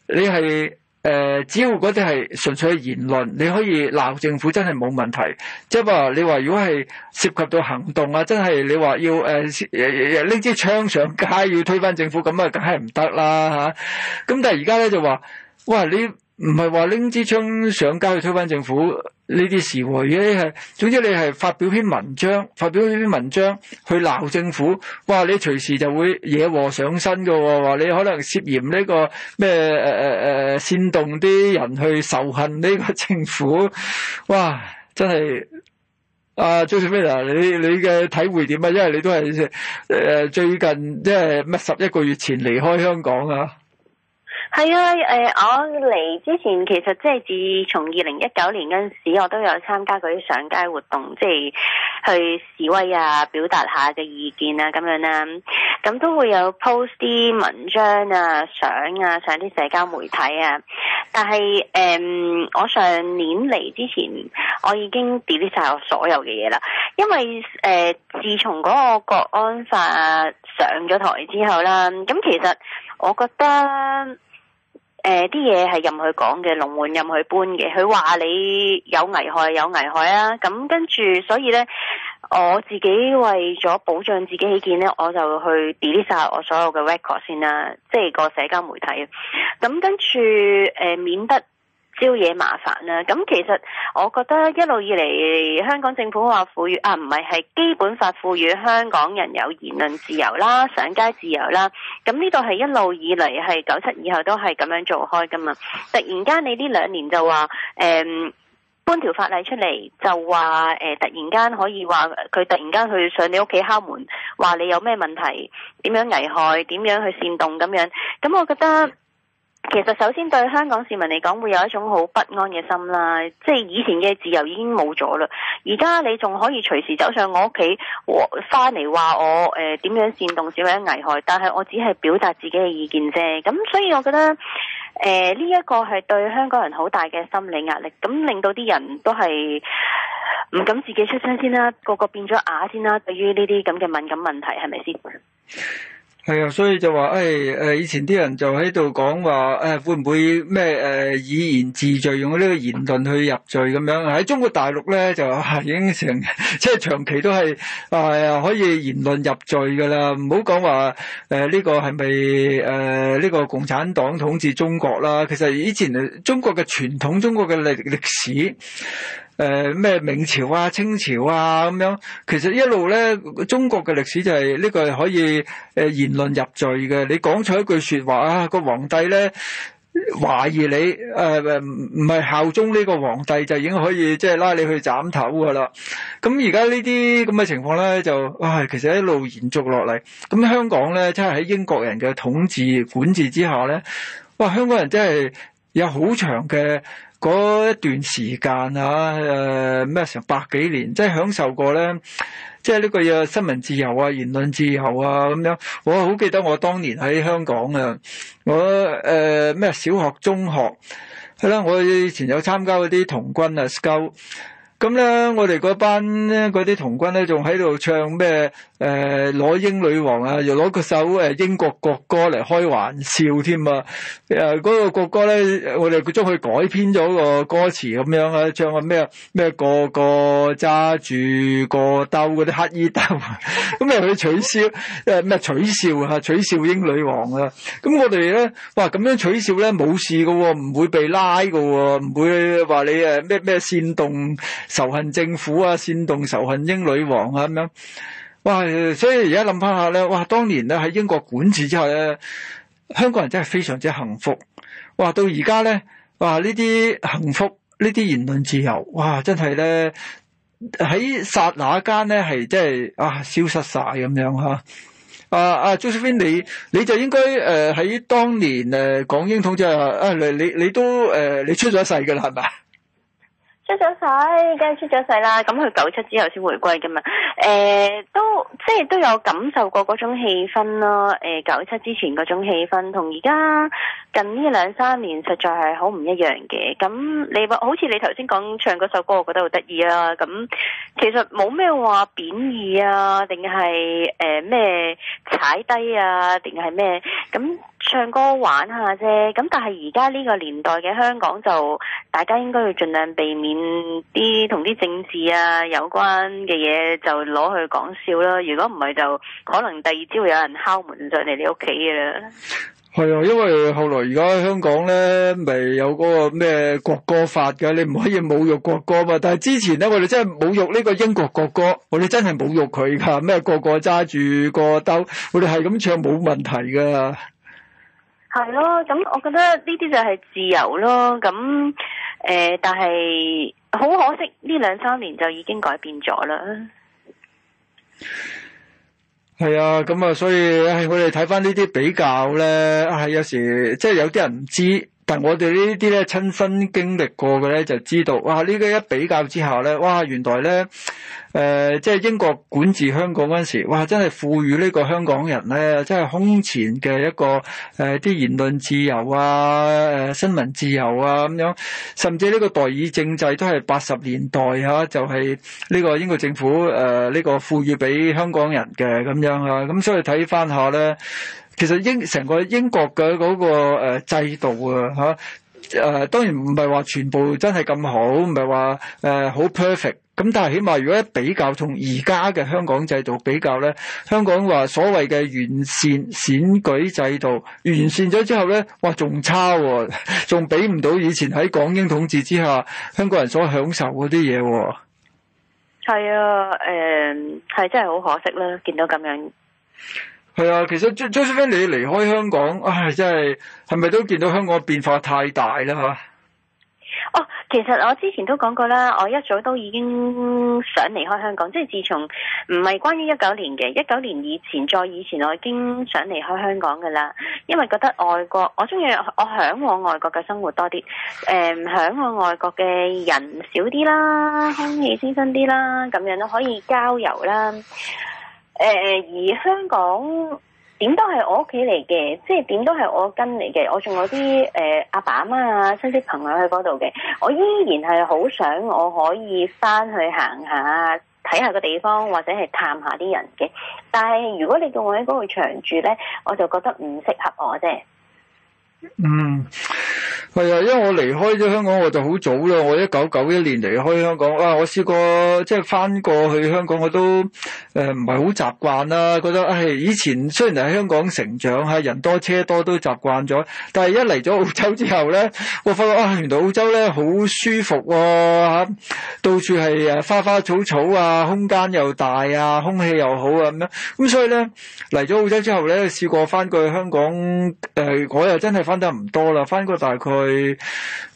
你係。誒、呃，只要嗰啲係純粹嘅言論，你可以鬧政府，真係冇問題。即係話你話如果係涉及到行動啊，真係你話要誒拎支槍上街要推翻政府，咁啊梗係唔得啦吓。咁但係而家咧就話，哇你！唔係話拎支槍上街去推翻政府呢啲事喎，而係總之你係發表一篇文章，發表呢篇文章去鬧政府。哇！你隨時就會惹禍上身噶，話你可能涉嫌呢、呢個咩誒誒誒煽動啲人去仇恨呢個政府。哇！真係啊，Jason Peter，你你嘅體會點啊？因為你都係誒、呃、最近即係乜十一個月前離開香港啊。係啊，誒，我嚟之前其實即係自從二零一九年嗰陣時，我都有參加嗰啲上街活動，即係去示威啊，表達下嘅意見啊，咁樣啦，咁都會有 post 啲文章啊、相啊上啲社交媒體啊。但係誒，我上年嚟之前，我已經 delete 晒我所有嘅嘢啦，因為誒，自從嗰個國安法啊上咗台之後啦，咁其實我覺得。誒、呃，啲嘢係任佢講嘅，龍門任佢搬嘅。佢話你有危害，有危害啊！咁跟住，所以呢，我自己為咗保障自己起見呢，我就去 delete 晒我所有嘅 record 先啦，啊，即係個社交媒體。咁跟住，誒、呃，免得招惹麻煩啦、啊，咁其實我覺得一路以嚟香港政府話賦予啊，唔係係基本法賦予香港人有言論自由啦、上街自由啦，咁呢度係一路以嚟係九七以後都係咁樣做開噶嘛。突然間你呢兩年就話誒、嗯、搬條法例出嚟，就、嗯、話突然間可以話佢突然間去上你屋企敲門，話你有咩問題，點樣危害，點樣去煽動咁樣，咁我覺得。其實首先對香港市民嚟講，會有一種好不安嘅心啦，即係以前嘅自由已經冇咗啦。而家你仲可以隨時走上我屋企，我翻嚟話我誒點樣煽動，點樣危害，但係我只係表達自己嘅意見啫。咁所以我覺得誒呢一個係對香港人好大嘅心理壓力，咁令到啲人都係唔敢自己出聲先啦，個個變咗啞先啦。對於呢啲咁嘅敏感問題，係咪先？係啊，所以就話誒誒，以前啲人就喺度講話誒，會唔會咩誒、呃、以言治罪，用呢個言論去入罪咁樣。喺中國大陸咧就、哎、已經成即係長期都係、哎、可以言論入罪噶啦，唔好講話誒呢個係咪誒呢個共產黨統治中國啦？其實以前中國嘅傳統，中國嘅歷歷史。誒、呃、咩明朝啊、清朝啊咁樣，其實一路咧，中國嘅歷史就係呢個係可以言論入罪嘅。你講出一句說話啊，皇呢呃、個皇帝咧懷疑你誒唔係效忠呢個皇帝，就已經可以即係拉你去斬頭㗎啦。咁而家呢啲咁嘅情況咧，就哇，其實一路延續落嚟。咁香港咧，真係喺英國人嘅統治管治之下咧，哇，香港人真係有好長嘅。嗰一段時間啊，誒咩成百幾年，即係享受過咧，即係、這、呢個新聞自由啊、言論自由啊咁樣。我好記得我當年喺香港啊，我誒咩、呃、小學、中學係啦，我以前有參加嗰啲童軍啊，Scout。咁咧，我哋嗰班嗰啲童軍咧，仲喺度唱咩？誒、呃，攞英女王啊，又攞個首誒英國國歌嚟開玩笑添啊！誒、呃，嗰、那個國歌咧，我哋佢將佢改編咗個歌詞咁樣啊，唱個咩咩個個揸住個兜嗰啲乞衣兜，咁啊去取笑，咩、呃、取笑呀、啊，取笑英女王啊！咁、嗯、我哋咧，哇，咁樣取笑咧冇事噶、哦，唔會被拉噶、哦，唔會話你誒咩咩煽動仇恨政府啊，煽動仇恨英女王啊咁樣。嗯哇！所以而家諗翻下咧，哇！當年咧喺英國管治之後咧，香港人真係非常之幸福。哇！到而家咧，哇！呢啲幸福，呢啲言論自由，哇！真係咧喺剎那間咧係即係啊消失曬咁樣嚇。阿、啊、阿、啊、Josephine，你你就應該誒喺當年誒、呃、港英統治啊，你你你都、呃、你出咗世㗎啦，係咪？出咗世，梗係出咗世啦。咁佢九七之後先回歸噶嘛？誒、欸，都即係都有感受過嗰種氣氛咯。誒、欸，九七之前嗰種氣氛同而家。近呢兩三年實在係好唔一樣嘅，咁你話好似你頭先講唱嗰首歌，我覺得好得意啊。咁其實冇咩話貶義啊，定係咩踩低啊，定係咩？咁唱歌玩下啫。咁但係而家呢個年代嘅香港就，大家應該要盡量避免啲同啲政治啊有關嘅嘢，就攞去講笑啦。如果唔係，就可能第二朝會有人敲門上嚟你屋企嘅啦。係啊，因為後來而家香港咧，咪有嗰個咩國歌法嘅，你唔可以侮辱國歌嘛。但係之前咧，我哋真係侮辱呢個英國國歌，我哋真係侮辱佢噶。咩個個揸住個兜，我哋係咁唱冇問題噶。係咯，咁我覺得呢啲就係自由咯。咁誒、呃，但係好可惜，呢兩三年就已經改變咗啦。係啊，咁啊，所以我哋睇翻呢啲比較咧，係有時即係有啲人唔知。但我哋呢啲咧，親身經歷過嘅咧，就知道哇！呢個一比較之下咧，哇！原來咧、呃，即係英國管治香港嗰陣時，哇！真係賦予呢個香港人咧，真係空前嘅一個啲、呃、言論自由啊，呃、新聞自由啊，咁樣，甚至呢個代議政制都係八十年代嚇、啊，就係、是、呢個英國政府呢、呃這個賦予俾香港人嘅咁樣啊，咁所以睇翻下咧。其實英成個英國嘅嗰、嗰個、呃、制度啊嚇，誒當然唔係話全部真係咁好，唔係話誒好 perfect。咁、呃、但係起碼如果比較同而家嘅香港制度比較咧，香港話所謂嘅完善選舉制度完善咗之後咧，哇仲差喎、啊，仲比唔到以前喺港英統治之下香港人所享受嗰啲嘢喎。係啊，係、啊嗯、真係好可惜啦，見到咁樣。係啊，其實張張師傅你離開香港，唉，真係係咪都見到香港變化太大啦？吓哦，其實我之前都講過啦，我一早都已經想離開香港，即係自從唔係關於一九年嘅一九年以前再以前，我已經想離開香港噶啦，因為覺得外國我中意我向往外國嘅生活多啲，誒、嗯，向往外國嘅人少啲啦，空氣清新啲啦，咁樣都可以郊遊啦。誒、呃，而香港點都係我屋企嚟嘅，即係點都係我跟嚟嘅。我仲有啲誒阿爸阿媽啊，親戚朋友喺嗰度嘅。我依然係好想我可以翻去行下，睇下個地方，或者係探下啲人嘅。但係如果你叫我喺嗰度長住呢，我就覺得唔適合我啫。嗯，係啊，因為我離開咗香，香港，我就好早啦。我一九九一年離開香港啊，我試過即係翻過去香港，我都誒唔係好習慣啦。覺得誒、哎、以前雖然喺香港成長吓，人多車多都習慣咗，但係一嚟咗澳洲之後咧，我發覺啊，原來澳洲咧好舒服吓，啊啊，到處係誒花花草草啊，空間又大啊，空氣又好啊咁樣。咁所以咧嚟咗澳洲之後咧，試過翻過去香港誒，我、呃、又真係。翻得唔多啦，翻過大概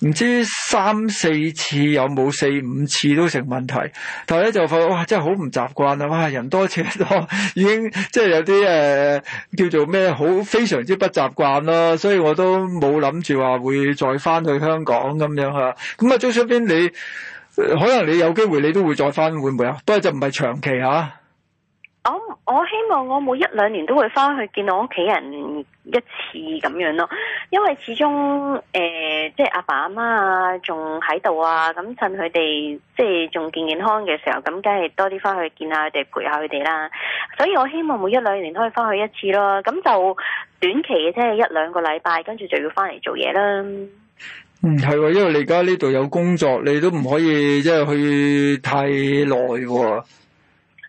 唔知三四次，有冇四五次都成問題。但係咧就發覺哇，真係好唔習慣啦！哇，人多車多，已經即係有啲誒、呃、叫做咩好非常之不習慣咯。所以我都冇諗住話會再翻去香港咁樣吓。咁啊，最出邊你可能你有機會你都會再翻會唔會不是啊？不過就唔係長期吓。我我希望我每一兩年都會翻去見我屋企人一次咁樣咯，因為始終誒、呃，即係阿爸阿媽啊，仲喺度啊，咁趁佢哋即係仲健健康嘅時候，咁梗係多啲翻去見下佢哋，陪下佢哋啦。所以我希望每一兩年都可以翻去一次咯。咁就短期嘅，即係一兩個禮拜，跟住就要翻嚟做嘢啦。嗯，係喎，因為你而家呢度有工作，你都唔可以即係去太耐喎。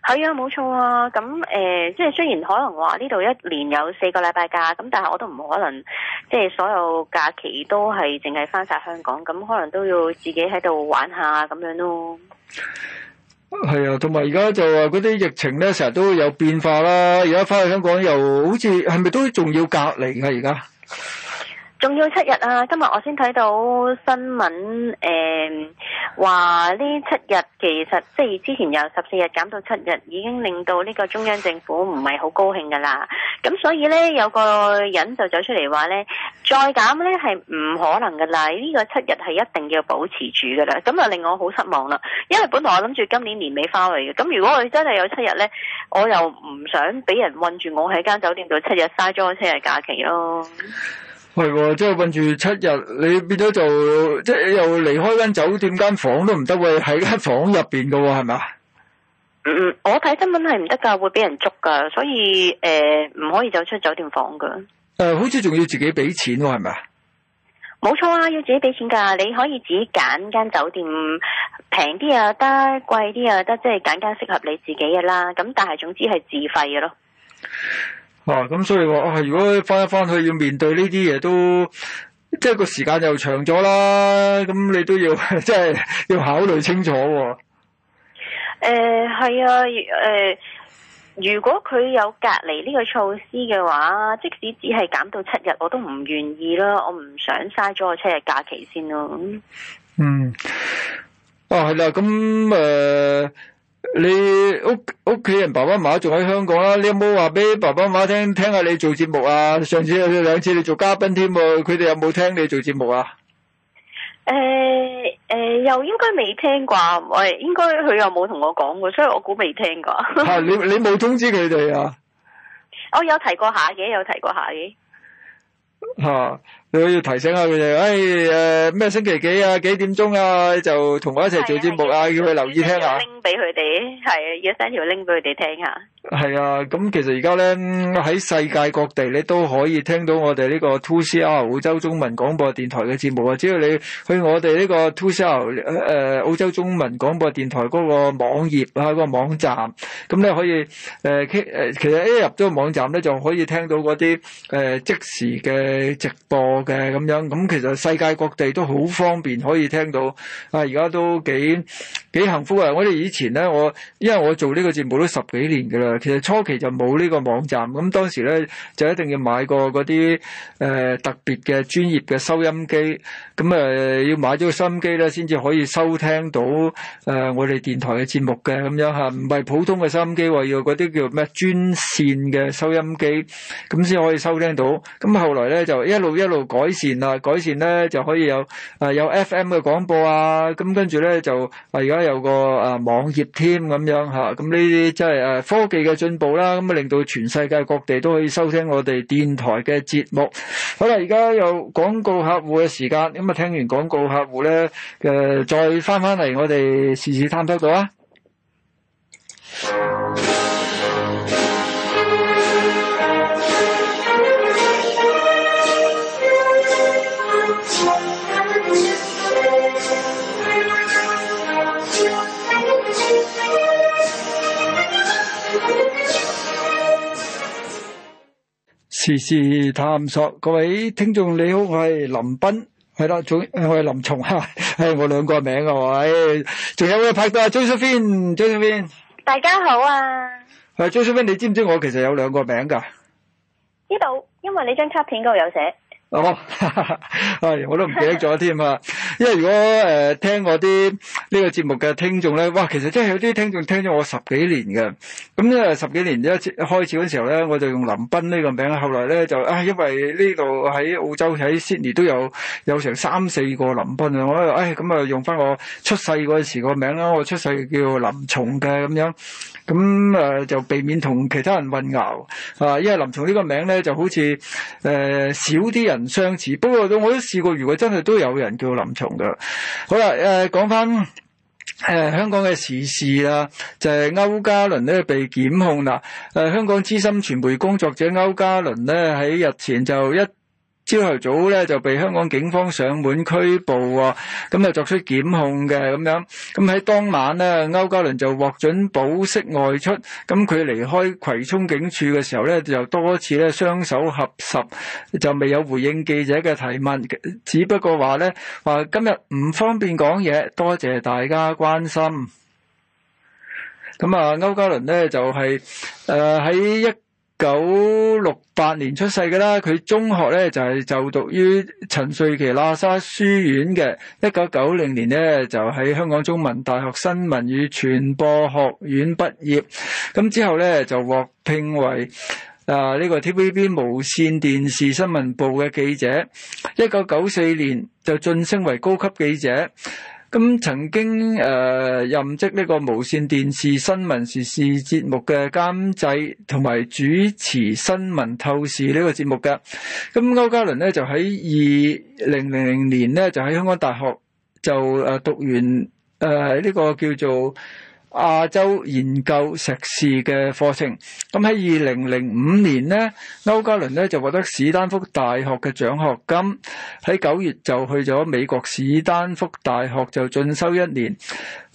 係啊，冇錯啊。咁誒，即係雖然可能話呢度一年有四個禮拜假，咁但係我都唔可能，即係所有假期都係淨係翻晒香港。咁可能都要自己喺度玩下咁樣咯。係啊，同埋而家就話嗰啲疫情咧，成日都有變化啦。而家翻去香港又好似係咪都仲要隔離啊？而家？仲要七日啊！今日我先睇到新聞，誒、嗯，話呢七日其實即係之前由十四日減到七日，已經令到呢個中央政府唔係好高興噶啦。咁所以呢，有個人就走出嚟，話呢，再減呢係唔可能噶啦，呢、這個七日係一定要保持住噶啦。咁啊，令我好失望啦，因為本來我諗住今年年尾翻嚟嘅。咁如果我真係有七日呢，我又唔想俾人困住我喺間酒店度七日，嘥咗七日假期咯。係即係韞住七日，你變咗就即係又離開間酒店間房都唔得喎，喺間房入邊㗎係咪啊？嗯，我睇新聞係唔得噶，會俾人捉噶，所以誒呃，唔可以走出酒店房噶。誒、呃，好似仲要自己畀錢喎、哦，係咪啊？冇錯啊，要自己畀錢噶，你可以自己揀間酒店平啲啊，得，貴啲啊，得，即係揀間適合你自己嘅啦。咁但係總之係自費嘅咯。咁、啊、所以話、啊，如果翻一翻去要面對呢啲嘢，都即係個時間又長咗啦，咁你都要即係要考慮清楚喎。誒，係啊，誒、呃啊呃，如果佢有隔離呢個措施嘅話，即使只係減到七日，我都唔願意啦，我唔想嘥咗個七日假期先咯。嗯，哦、啊，係啦、啊，咁誒。呃你屋屋企人爸爸媽仲喺香港啦、啊，你有冇話俾爸爸媽媽聽，聽聽下你做節目啊？上次有兩次你做嘉賓添喎，佢哋有冇聽你做節目啊？誒、呃、誒，又應該未聽啩？喂，應該佢又冇同我講嘅，所以我估未聽過。 吓，你你冇通知佢哋啊？我有提過下嘅，有提過下嘅。吓 你要提醒下佢哋，唉、哎，誒、呃，咩星期幾啊？幾點鐘啊？就同我一齊做節目啊！要去留意聽下。拎俾佢哋。係啊，要成日拎俾佢哋聽下。係啊，咁、嗯、其實而家咧喺世界各地你都可以聽到我哋呢個 Two C R 澳洲中文廣播電台嘅節目啊！只要你去我哋呢個 Two C R 誒、呃、澳洲中文廣播電台嗰個網頁啊、嗰個網站，咁咧可以誒誒、呃，其實一入咗個網站咧就可以聽到嗰啲誒即時嘅直播嘅咁樣。咁、嗯、其實世界各地都好方便可以聽到啊！而家都幾幾幸福啊！我哋以前咧，我因為我做呢個節目都十幾年噶啦。其實初期就冇呢個網站你嘅進步啦，咁啊令到全世界各地都可以收聽我哋電台嘅節目好。好啦，而家有廣告客戶嘅時間，咁啊聽完廣告客戶咧，誒再翻翻嚟我哋時事探索到啊。時事探索，各位聽眾你好，我係林斌，係啦，仲我係林松吓，係我兩個名啊位，仲有我拍到阿 Josephine，Josephine，大家好啊，係 Josephine，你知唔知我其實有兩個名噶？知道，因為你張卡片嗰度有寫。哦，哈，哈、哎，我都唔記得咗添啊！因為如果誒、呃、聽我啲呢個節目嘅聽眾咧，哇，其實真係有啲聽眾聽咗我十幾年嘅。咁咧十幾年一開始嗰時候咧，我就用林斌呢個名。後來咧就啊、哎，因為呢度喺澳洲喺 Sydney 都有有成三四個林斌啊，我誒咁啊用翻我出世嗰陣時個名啦。我出世叫林松嘅咁樣，咁誒就避免同其他人混淆啊。因為林松呢個名咧就好似誒、呃、少啲人。相似，不過，我都試過。如果真係都有人叫林松噶，好、呃、啦，誒，講翻誒香港嘅時事啊，就係區家麟咧被檢控啦。誒，香港資、就是呃、深傳媒工作者區家麟咧喺日前就一。朝頭早咧就被香港警方上門拘捕喎，咁啊作出檢控嘅咁樣。咁喺當晚咧，區家麟就獲准保釋外出。咁佢離開葵涌警署嘅時候咧，就多次咧雙手合十，就未有回應記者嘅提問，只不過話咧話今日唔方便講嘢，多謝大家關心。咁啊，區家麟咧就係誒喺一九六八年出世嘅啦，佢中學咧就係就讀於陳瑞祺喇沙書院嘅，一九九零年咧就喺香港中文大學新聞與傳播學院畢業，咁之後咧就獲聘為啊呢個 TVB 無綫電視新聞部嘅記者，一九九四年就晉升為高級記者。咁曾經誒任職呢個無線電視新聞時事節目嘅監製，同埋主持新聞透視呢個節目嘅，咁區家麟咧就喺二零零零年咧就喺香港大學就誒讀完誒呢個叫做亞洲研究碩士嘅課程，咁喺二零零五年呢，區家麟呢就獲得史丹福大學嘅獎學金，喺九月就去咗美國史丹福大學就進修一年。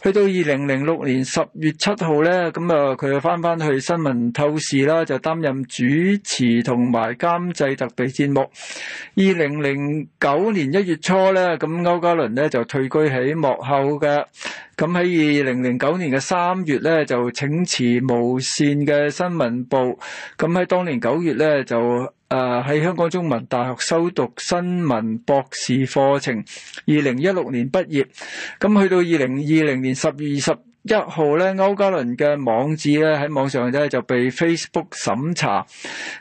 去到二零零六年十月七號咧，咁啊佢又翻翻去新聞透視啦，就擔任主持同埋監製特別節目。二零零九年一月初咧，咁歐嘉倫咧就退居喺幕後嘅。咁喺二零零九年嘅三月咧，就請辭無線嘅新聞部。咁喺當年九月咧就。誒喺香港中文大學修讀新聞博士課程，二零一六年畢業。咁去到二零二零年十二月十一號咧，區家麟嘅網址咧喺網上咧就被 Facebook 審查。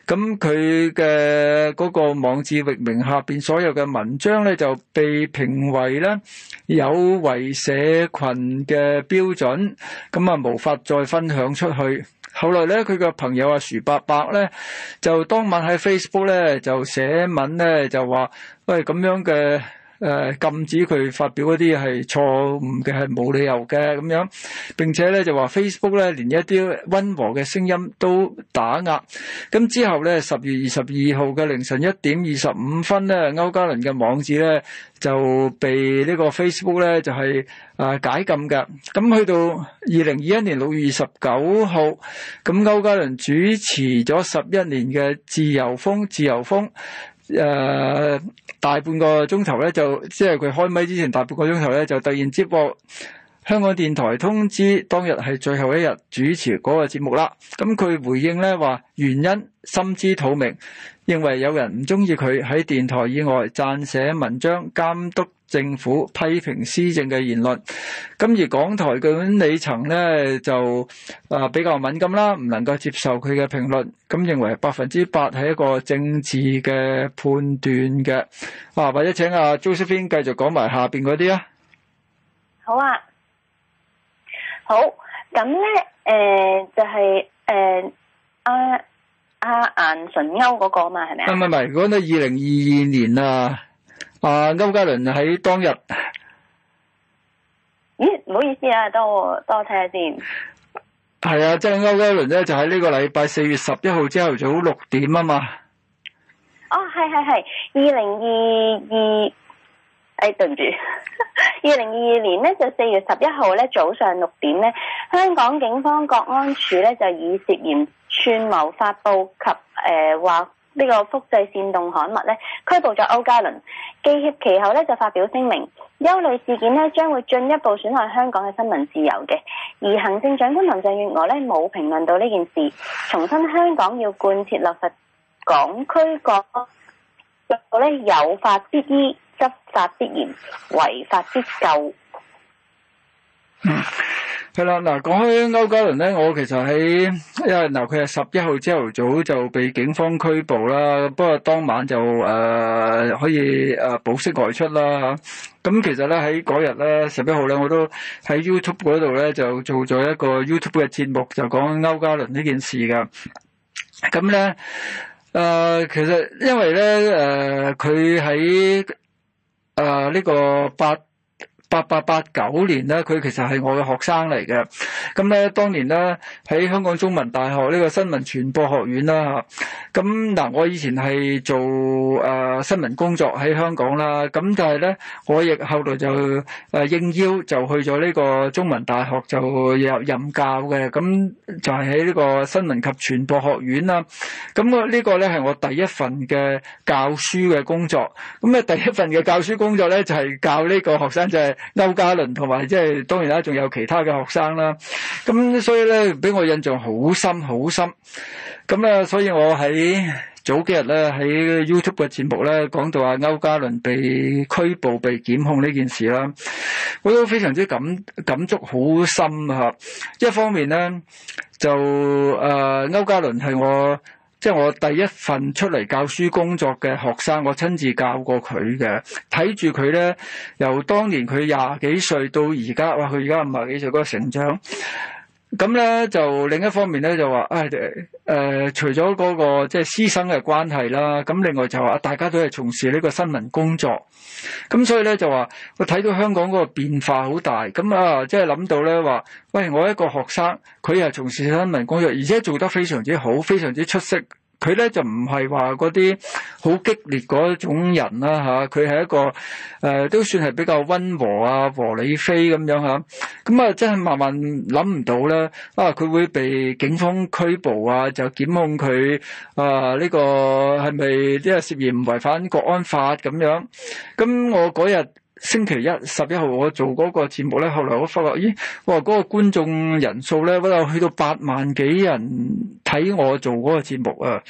咁佢嘅嗰個網誌域名下邊所有嘅文章咧就被評為咧有違社群嘅標準，咁啊無法再分享出去。後來咧，佢嘅朋友阿徐伯伯咧，就當晚喺 Facebook 咧，就寫文咧，就話，喂，咁樣嘅。誒、呃、禁止佢發表嗰啲係錯誤嘅，係無理由嘅咁樣，並且咧就話 Facebook 咧連一啲溫和嘅聲音都打壓。咁之後咧，十月二十二號嘅凌晨一點二十五分咧，歐加倫嘅網址咧就被呢個 Facebook 咧就係、是呃、解禁嘅。咁去到二零二一年六月二十九號，咁歐加倫主持咗十一年嘅自由風自由風。自由風 Uh, 大半個鐘頭咧，就即係佢開咪之前大半個鐘頭咧，就突然接獲香港電台通知，當日係最後一日主持嗰個節目啦。咁佢回應咧話，原因心知肚明。認為有人唔中意佢喺電台以外撰寫文章、監督政府、批評施政嘅言論，咁而港台管理層咧就啊比較敏感啦，唔能夠接受佢嘅評論，咁認為百分之八係一個政治嘅判斷嘅。啊或者請阿 Josephine 繼續講埋下邊嗰啲啊。好啊，好，咁咧誒就係、是、誒、呃、啊。阿顏純鈎嗰個嘛，係咪啊？唔係唔係，嗰個咧二零二二年啊，阿區家麟喺當日，咦，唔好意思啊，多多我睇下先。係啊，即係區家麟咧，就喺呢個禮拜四月十一號朝頭早六點啊嘛。哦，係係係，二零二二，哎，對唔住，二零二二年咧就四月十一號咧早上六點咧，香港警方國安處咧就以涉嫌。串謀發布及誒話，呢個複製煽動刊物咧，拘捕咗區家麟。記協其後咧就發表聲明，憂慮事件咧將會進一步損害香港嘅新聞自由嘅。而行政長官林鄭月娥咧冇評論到呢件事。重申香港要貫徹落實，港區國安法，做到有法必依、執法必嚴、違法必究。嗯係啦，嗱，講開歐嘉倫咧，我其實喺因為，嗱，佢係十一號朝頭早就被警方拘捕啦，不過當晚就誒可以誒保釋外出啦。咁其實咧喺嗰日咧，十一號咧，我都喺 YouTube 嗰度咧就做咗一個 YouTube 嘅節目，就講歐嘉倫呢件事噶。咁咧誒，其實因為咧誒，佢喺誒呢個八。八八八九年咧，佢其實係我嘅學生嚟嘅。咁咧，當年咧喺香港中文大學呢個新聞傳播學院啦。咁嗱，我以前係做誒、呃、新聞工作喺香港啦。咁但係咧，我亦後來就誒、呃、應邀就去咗呢個中文大學就任教嘅。咁就係喺呢個新聞及傳播學院啦。咁、這個、呢個咧係我第一份嘅教書嘅工作。咁啊，第一份嘅教書工作咧就係、是、教呢個學生就係、是。歐嘉倫同埋即係當然啦，仲有其他嘅學生啦，咁所以咧俾我印象好深好深，咁啊所以我喺早幾日咧喺 YouTube 嘅節目咧講到啊歐嘉倫被拘捕、被檢控呢件事啦，我都非常之感感觸好深啊！一方面咧就誒，歐嘉倫係我。即係我第一份出嚟教書工作嘅學生，我親自教過佢嘅，睇住佢咧，由當年佢廿幾歲到而家，哇！佢而家五十幾歲嗰個成長。咁咧就另一方面咧就話誒誒，除咗嗰個即係師生嘅關係啦，咁另外就話大家都係從事呢個新聞工作，咁所以咧就話我睇到香港嗰個變化好大，咁啊即係諗到咧話，喂，我一個學生，佢又從事新聞工作，而且做得非常之好，非常之出色。佢咧就唔係話嗰啲好激烈嗰種人啦，嚇，佢係一個誒都算係比較溫和啊和理非，咁樣嚇，咁啊真係慢慢諗唔到咧啊佢會被警方拘捕啊，就檢控佢啊，呢個係咪即係涉嫌唔違反國安法咁樣？咁我嗰日。星期一十一號我做嗰個節目咧，後來我發覺咦，哇嗰、那個觀眾人數咧，不就去到八萬幾人睇我做嗰個節目啊？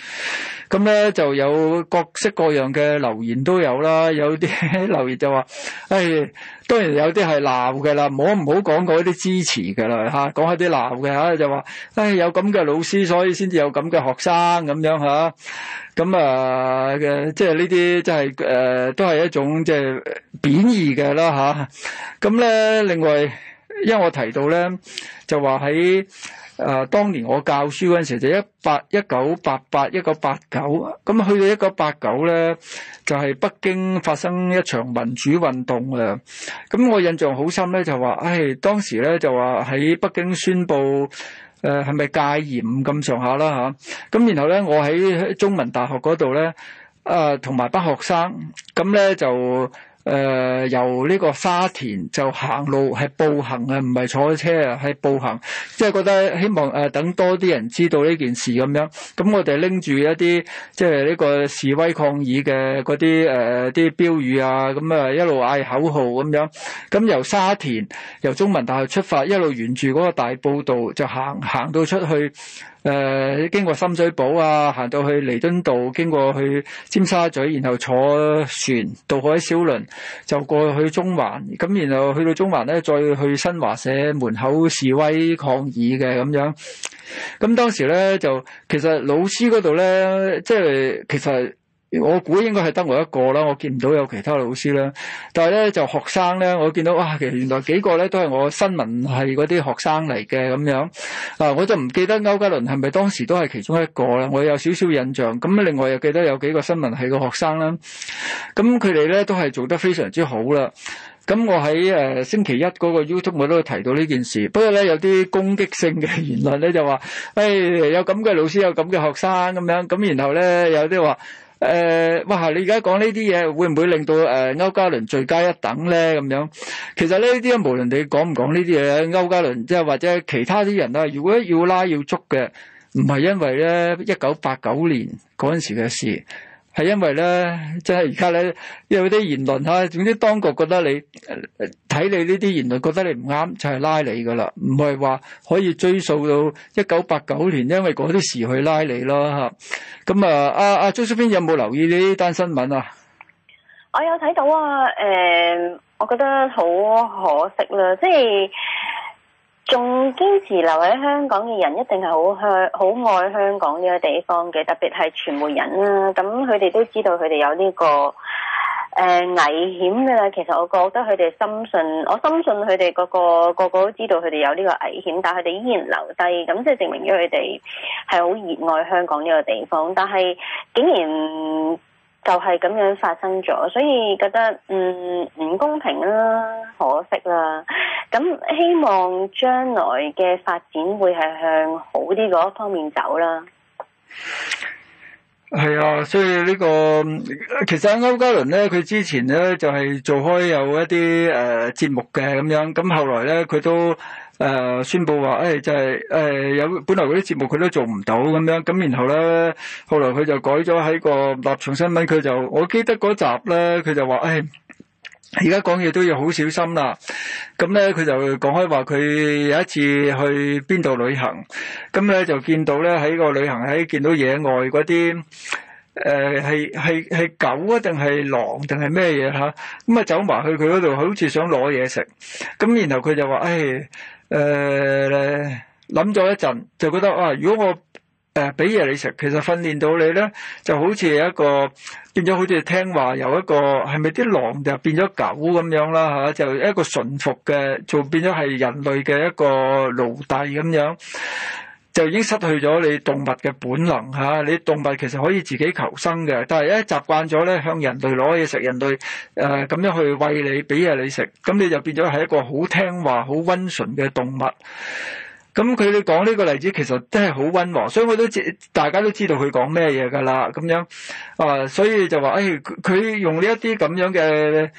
咁咧就有各式各樣嘅留言都有啦，有啲 留言就話，誒、哎，當然有啲係鬧嘅啦，唔好唔好講嗰啲支持嘅啦吓，講下啲鬧嘅吓就話，誒、哎、有咁嘅老師，所以先至有咁嘅學生咁樣吓、啊。咁啊嘅，即係呢啲即係誒，都係一種即係貶義嘅啦吓，咁咧，另外，因為我提到咧，就話喺啊，當年我教書嗰陣時，就一八一九八八一九八九，咁去到一九八九咧，就係北京發生一場民主運動啊。咁我印象好深咧，就話，唉，當時咧就話喺北京宣布。誒、呃，係咪戒嚴咁上下啦吓，咁、啊、然後咧，我喺中文大學嗰度咧，誒、呃，同埋班學生咁咧就。誒、呃，由呢個沙田就行路，係步行啊，唔係坐車啊，係步行，即係、就是、覺得希望誒、呃，等多啲人知道呢件事咁樣。咁我哋拎住一啲即係呢個示威抗議嘅嗰啲誒啲標語啊，咁啊一路嗌口號咁樣。咁由沙田由中文大學出發，一路沿住嗰個大埔道就行，行到出去。誒、呃、經過深水埗啊，行到去彌敦道，經過去尖沙咀，然後坐船渡海小輪就過去中環，咁然後去到中環咧，再去新華社門口示威抗議嘅咁樣。咁當時咧就其實老師嗰度咧，即係其實。我估應該係得我一個啦，我見唔到有其他老師啦。但係咧就學生咧，我見到哇，其實原來幾個咧都係我新聞系嗰啲學生嚟嘅咁樣。啊，我就唔記得歐嘉倫係咪當時都係其中一個啦。我有少少印象。咁另外又記得有幾個新聞系嘅學生啦。咁佢哋咧都係做得非常之好啦。咁我喺星期一嗰個 YouTube 我都提到呢件事，不過咧有啲攻擊性嘅言論咧就話誒、哎、有咁嘅老師有咁嘅學生咁樣，咁然後咧有啲話。誒、呃，哇！你而家講呢啲嘢，會唔會令到、呃、區家麟罪加一等咧？咁樣其實呢啲，無論你講唔講呢啲嘢，區家麟即係或者其他啲人啦，如果要拉要捉嘅，唔係因為咧一九八九年嗰陣時嘅事。係因為咧，即係而家咧，有啲言論吓，總之當局覺得你睇你呢啲言論，覺得你唔啱，就係、是、拉你噶啦，唔係話可以追溯到一九八九年，因為嗰啲事去拉你咯吓。咁啊，阿阿 Joseph 有冇留意呢單新聞啊？我有睇到啊，誒、呃，我覺得好可惜啦、啊，即係。仲堅持留喺香港嘅人，一定係好香、好愛香港呢個地方嘅，特別係傳媒人啦。咁佢哋都知道佢哋有呢、呢個誒、呃、危險嘅啦。其實我覺得佢哋深信，我深信佢哋個個個個都知道佢哋有呢個危險，但係佢哋依然留低，咁即係證明咗佢哋係好熱愛香港呢個地方。但係竟然，就係咁樣發生咗，所以覺得嗯唔公平啦，可惜啦。咁希望將來嘅發展會係向好啲嗰方面走啦。係啊，所以呢個其實歐嘉倫咧，佢之前咧就係做開有一啲誒節目嘅咁樣，咁後來咧佢都。誒宣佈話，誒就係誒有本來嗰啲節目佢都做唔到咁樣，咁然後咧，後來佢就改咗喺個立場新聞佢就，我記得嗰集咧，佢就話，誒而家講嘢都要好小心啦。咁咧，佢就講開話，佢有一次去邊度旅行，咁咧就見到咧喺個旅行喺見到野外嗰啲誒係係係狗啊，定係狼定係咩嘢嚇？咁啊走埋去佢嗰度，好似想攞嘢食。咁然後佢就話，誒。誒、呃，諗咗一陣，就覺得啊，如果我誒俾嘢你食，其實訓練到你咧，就好似一個變咗，見好似聽話，由一個係咪啲狼就變咗狗咁樣啦吓、啊，就一個馴服嘅，就變咗係人類嘅一個奴隸咁樣。就已經失去咗你動物嘅本能嚇、啊，你動物其實可以自己求生嘅，但係一習慣咗咧向人類攞嘢食，人類誒咁、呃、樣去餵你，俾嘢你食，咁你就變咗係一個好聽話、好温順嘅動物。咁佢哋講呢個例子其實真係好温和，所以我都知大家都知道佢講咩嘢㗎啦。咁樣啊，所以就話誒，佢、哎、用呢一啲咁樣嘅。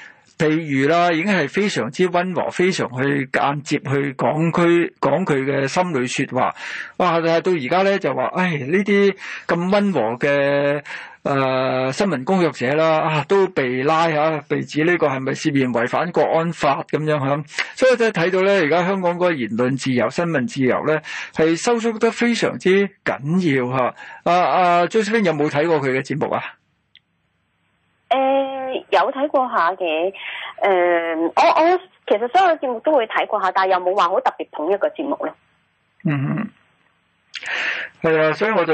譬如啦，已經係非常之溫和，非常去間接去講區講佢嘅心裡說話。哇！到而家咧就話，唉、哎，呢啲咁溫和嘅誒、呃、新聞工作者啦，啊，都被拉下、啊，被指呢個係咪涉嫌違反國安法咁樣嚇？所以即係睇到咧，而家香港嗰個言論自由、新聞自由咧，係收縮得非常之緊要嚇、啊。阿阿張師兄有冇睇過佢嘅節目啊？啊。有睇過下嘅，誒、嗯，我我其實所有節目都會睇過下，但係又冇話好特別捧一個節目咯。嗯，係啊，所以我就，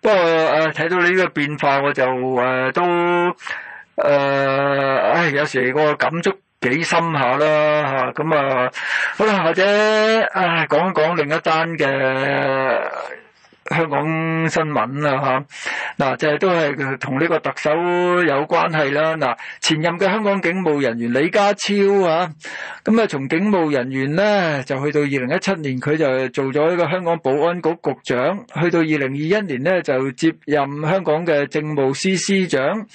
不過誒，睇到你呢個變化，我就誒、呃、都誒、呃，唉，有時我感觸幾深下啦吓，咁、嗯、啊，好、嗯、啦，或者唉，講一講另一單嘅。香港新聞啦吓，嗱，即係都係同呢個特首有關係啦。嗱，前任嘅香港警務人員李家超啊，咁啊，從警務人員呢，就去到二零一七年，佢就做咗呢個香港保安局局長，去到二零二一年呢，就接任香港嘅政務司司長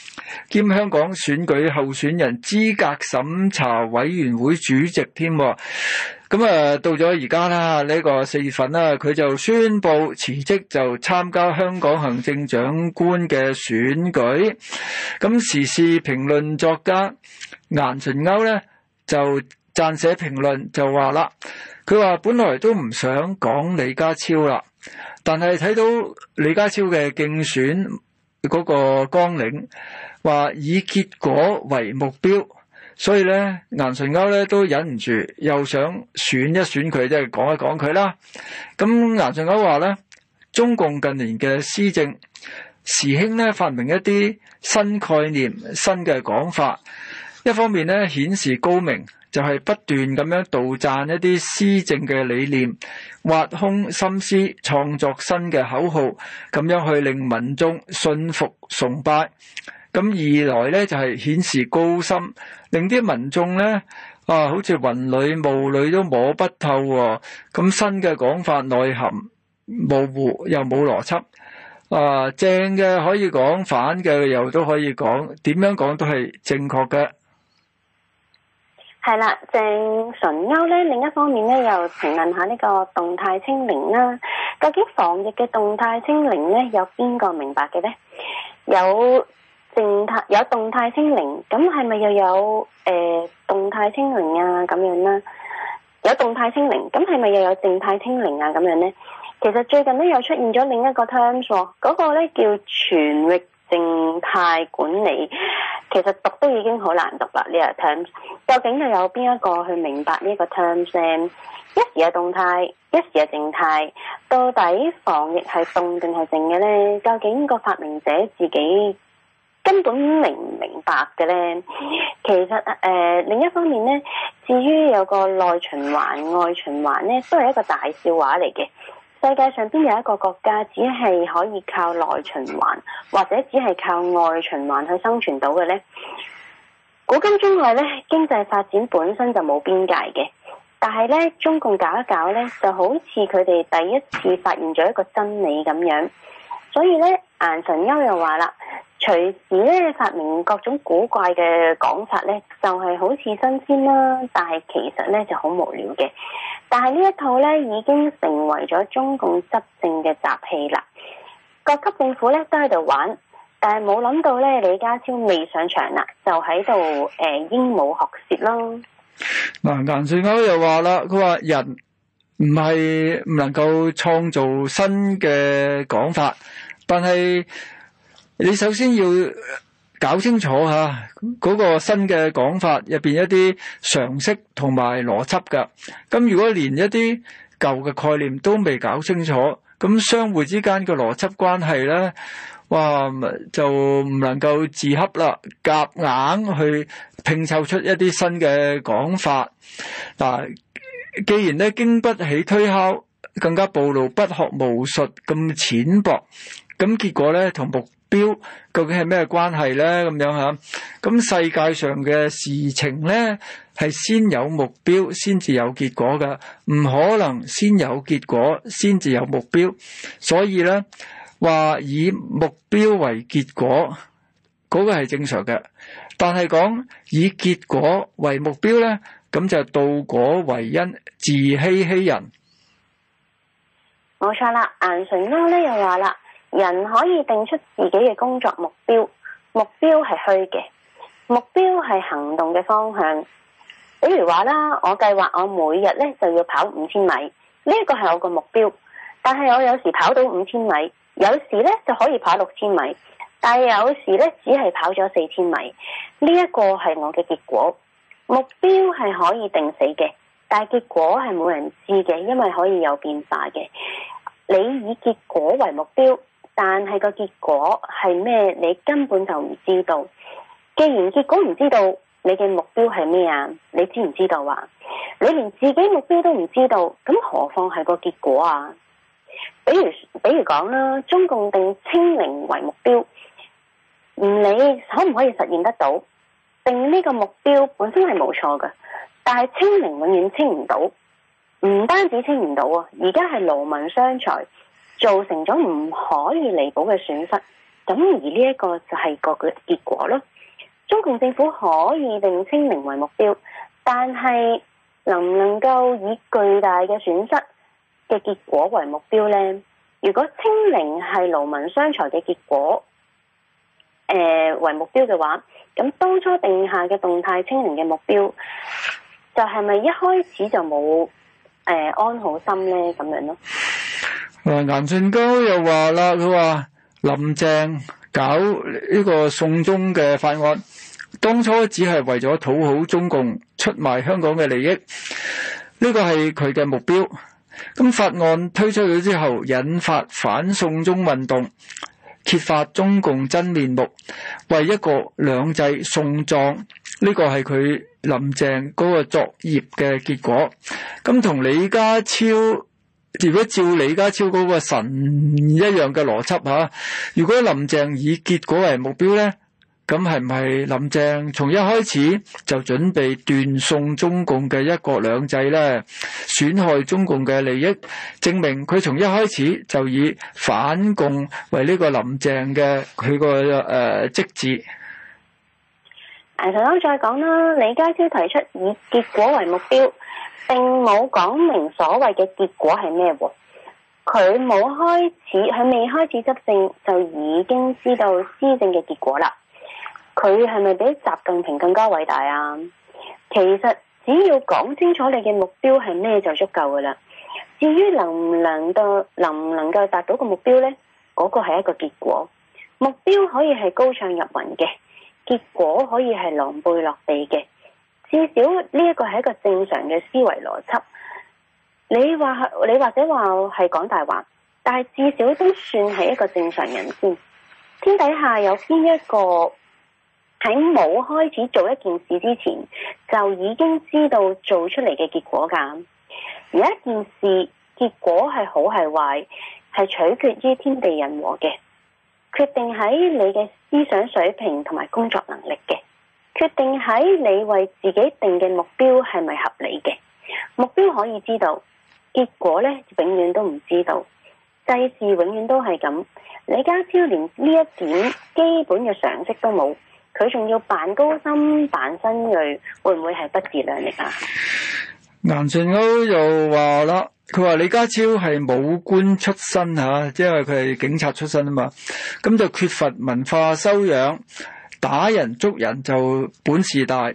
兼香港選舉候選人資格審查委員會主席添。咁啊，到咗而家啦，呢一個四月份啦，佢就宣布辭職，就參加香港行政長官嘅選舉。咁時事評論作家顏純鈎咧，就撰寫評論就說，就話啦，佢話本來都唔想講李家超啦，但係睇到李家超嘅競選嗰個綱領，話以結果為目標。所以咧，顏純鈎咧都忍唔住，又想選一選佢，即、就、係、是、講一講佢啦。咁顏純鈎話咧，中共近年嘅施政時興咧發明一啲新概念、新嘅講法，一方面咧顯示高明，就係、是、不斷咁樣杜撰一啲施政嘅理念，挖空心思創作新嘅口號，咁樣去令民眾信服崇拜。咁二來咧就係顯示高深，令啲民眾咧啊，好似雲裏霧裏都摸不透。咁新嘅講法內涵模糊，又冇邏輯。啊，正嘅可以講，反嘅又都可以講，點樣講都係正確嘅。係啦，顏純鈎咧，另一方面咧又評論下呢個動態清零啦。究竟防疫嘅動態清零咧，有邊個明白嘅咧？有。靜態有動態清零，咁係咪又有誒、呃、動態清零啊？咁樣啦，有動態清零，咁係咪又有靜態清零啊？咁樣呢？其實最近咧又出現咗另一個 terms，嗰，那個呢叫全域靜態管理。其實讀都已經好難讀啦，呢，這個 terms。究竟係有邊一個去明白這個呢個 terms？一時係動態，一時係靜態，到底防疫係動定係靜嘅呢？究竟那個發明者自己？根本明唔明白嘅咧，其實誒、呃，另一方面咧，至於有個內循環、外循環咧，都係一個大笑話嚟嘅。世界上邊有一個國家，只係可以靠內循環或者只係靠外循環去生存到嘅咧。古今中外咧，經濟發展本身就冇邊界嘅，但係咧，中共搞一搞咧，就好似佢哋第一次發現咗一個真理咁樣。所以咧，顏純鈎又話啦，隨時咧發明各種古怪嘅講法咧，就係、是、好似新鮮啦，但係其實咧就好無聊嘅。但係呢一套咧，已經成為咗中共執政嘅雜戲啦。各級政府咧都喺度玩，但係冇諗到咧，李家超未上場啦，就喺度誒鸚鵡學舌咯。嗱，顏純鈎又話啦，佢話人唔係唔能夠創造新嘅講法。但係你首先要搞清楚吓嗰個新嘅講法入邊一啲常識同埋邏輯㗎。咁如果連一啲舊嘅概念都未搞清楚，咁相互之間嘅邏輯關係咧，哇，咪就唔能夠自洽啦，夾硬去拼湊出一啲新嘅講法。嗱，既然咧經不起推敲，更加暴露不學無術咁淺薄。咁結果咧同目標究竟係咩關係咧？咁樣吓，咁世界上嘅事情咧係先有目標先至有結果噶，唔可能先有結果先至有目標。所以咧話以目標為結果，嗰個係正常嘅，但係講以結果為目標咧，咁就倒果為因，自欺欺人。冇錯啦，顏純鈎呢又話啦。人可以定出自己嘅工作目標，目標係虛嘅，目標係行動嘅方向。比如話啦，我計劃我每日咧就要跑五千米，呢一個係我嘅目標。但係我有時跑到五千米，有時咧就可以跑六千米，但係有時咧只係跑咗四千米，呢一個係我嘅結果。目標係可以定死嘅，但係結果係冇人知嘅，因為可以有變化嘅。你以結果為目標。但係個結果係咩？你根本就唔知道。既然結果唔知道，你嘅目標係咩啊？你知唔知道啊？你連自己目標都唔知道，咁何況係個結果啊？比如比如講啦，中共定清零為目標，唔理可唔可以實現得到，定呢個目標本身係冇錯嘅。但係清零永遠清唔到，唔單止清唔到啊，而家係勞民傷財。造成咗唔可以彌補嘅損失，咁而呢一個就係個結果咯。中共政府可以定清零為目標，但係能唔能夠以巨大嘅損失嘅結果為目標呢？如果清零係勞民傷財嘅結果，誒、呃、為目標嘅話，咁當初定下嘅動態清零嘅目標，就係、是、咪一開始就冇誒、呃、安好心呢？咁樣咯。嗱，顏純鈎又話啦，佢話林鄭搞呢個送中嘅法案，當初只係為咗討好中共，出賣香港嘅利益，呢個係佢嘅目標。咁法案推出咗之後，引發反送中運動，揭發中共真面目，為一國兩制送葬，呢個係佢林鄭嗰個作業嘅結果。咁同李家超。如果照李家超嗰個神一樣嘅邏輯吓，如果林鄭以結果為目標咧，咁係唔係林鄭從一開始就準備斷送中共嘅一國兩制咧，損害中共嘅利益，證明佢從一開始就以反共為呢個林鄭嘅佢個誒職責？誒，頭先再講啦，李家超提出以結果為目標。並冇講明所謂嘅結果係咩，佢冇開始，佢未開始執政，就已經知道施政嘅結果啦。佢係咪比習近平更加偉大啊？其實只要講清楚你嘅目標係咩就足夠噶啦。至於能唔能夠能唔能夠達到個目標呢？嗰個係一個結果。目標可以係高唱入雲嘅，結果可以係狼狽落地嘅。至少呢一個係一個正常嘅思維邏輯。你話你或者話係講大話，但係至少都算係一個正常人先。天底下有邊一個喺冇開始做一件事之前就已經知道做出嚟嘅結果噶？而一件事結果係好係壞，係取決於天地人和嘅，決定喺你嘅思想水平同埋工作能力嘅。決定喺你為自己定嘅目標係咪合理嘅？目標可以知道，結果咧永遠都唔知道。世事永遠都係咁。李家超連呢一點基本嘅常識都冇，佢仲要扮高深扮新銳，會唔會係不自量力啊？顏純鈎又話啦，佢話李家超係武官出身吓，即係佢係警察出身啊嘛，咁就缺乏文化修養。打人捉人就本事大，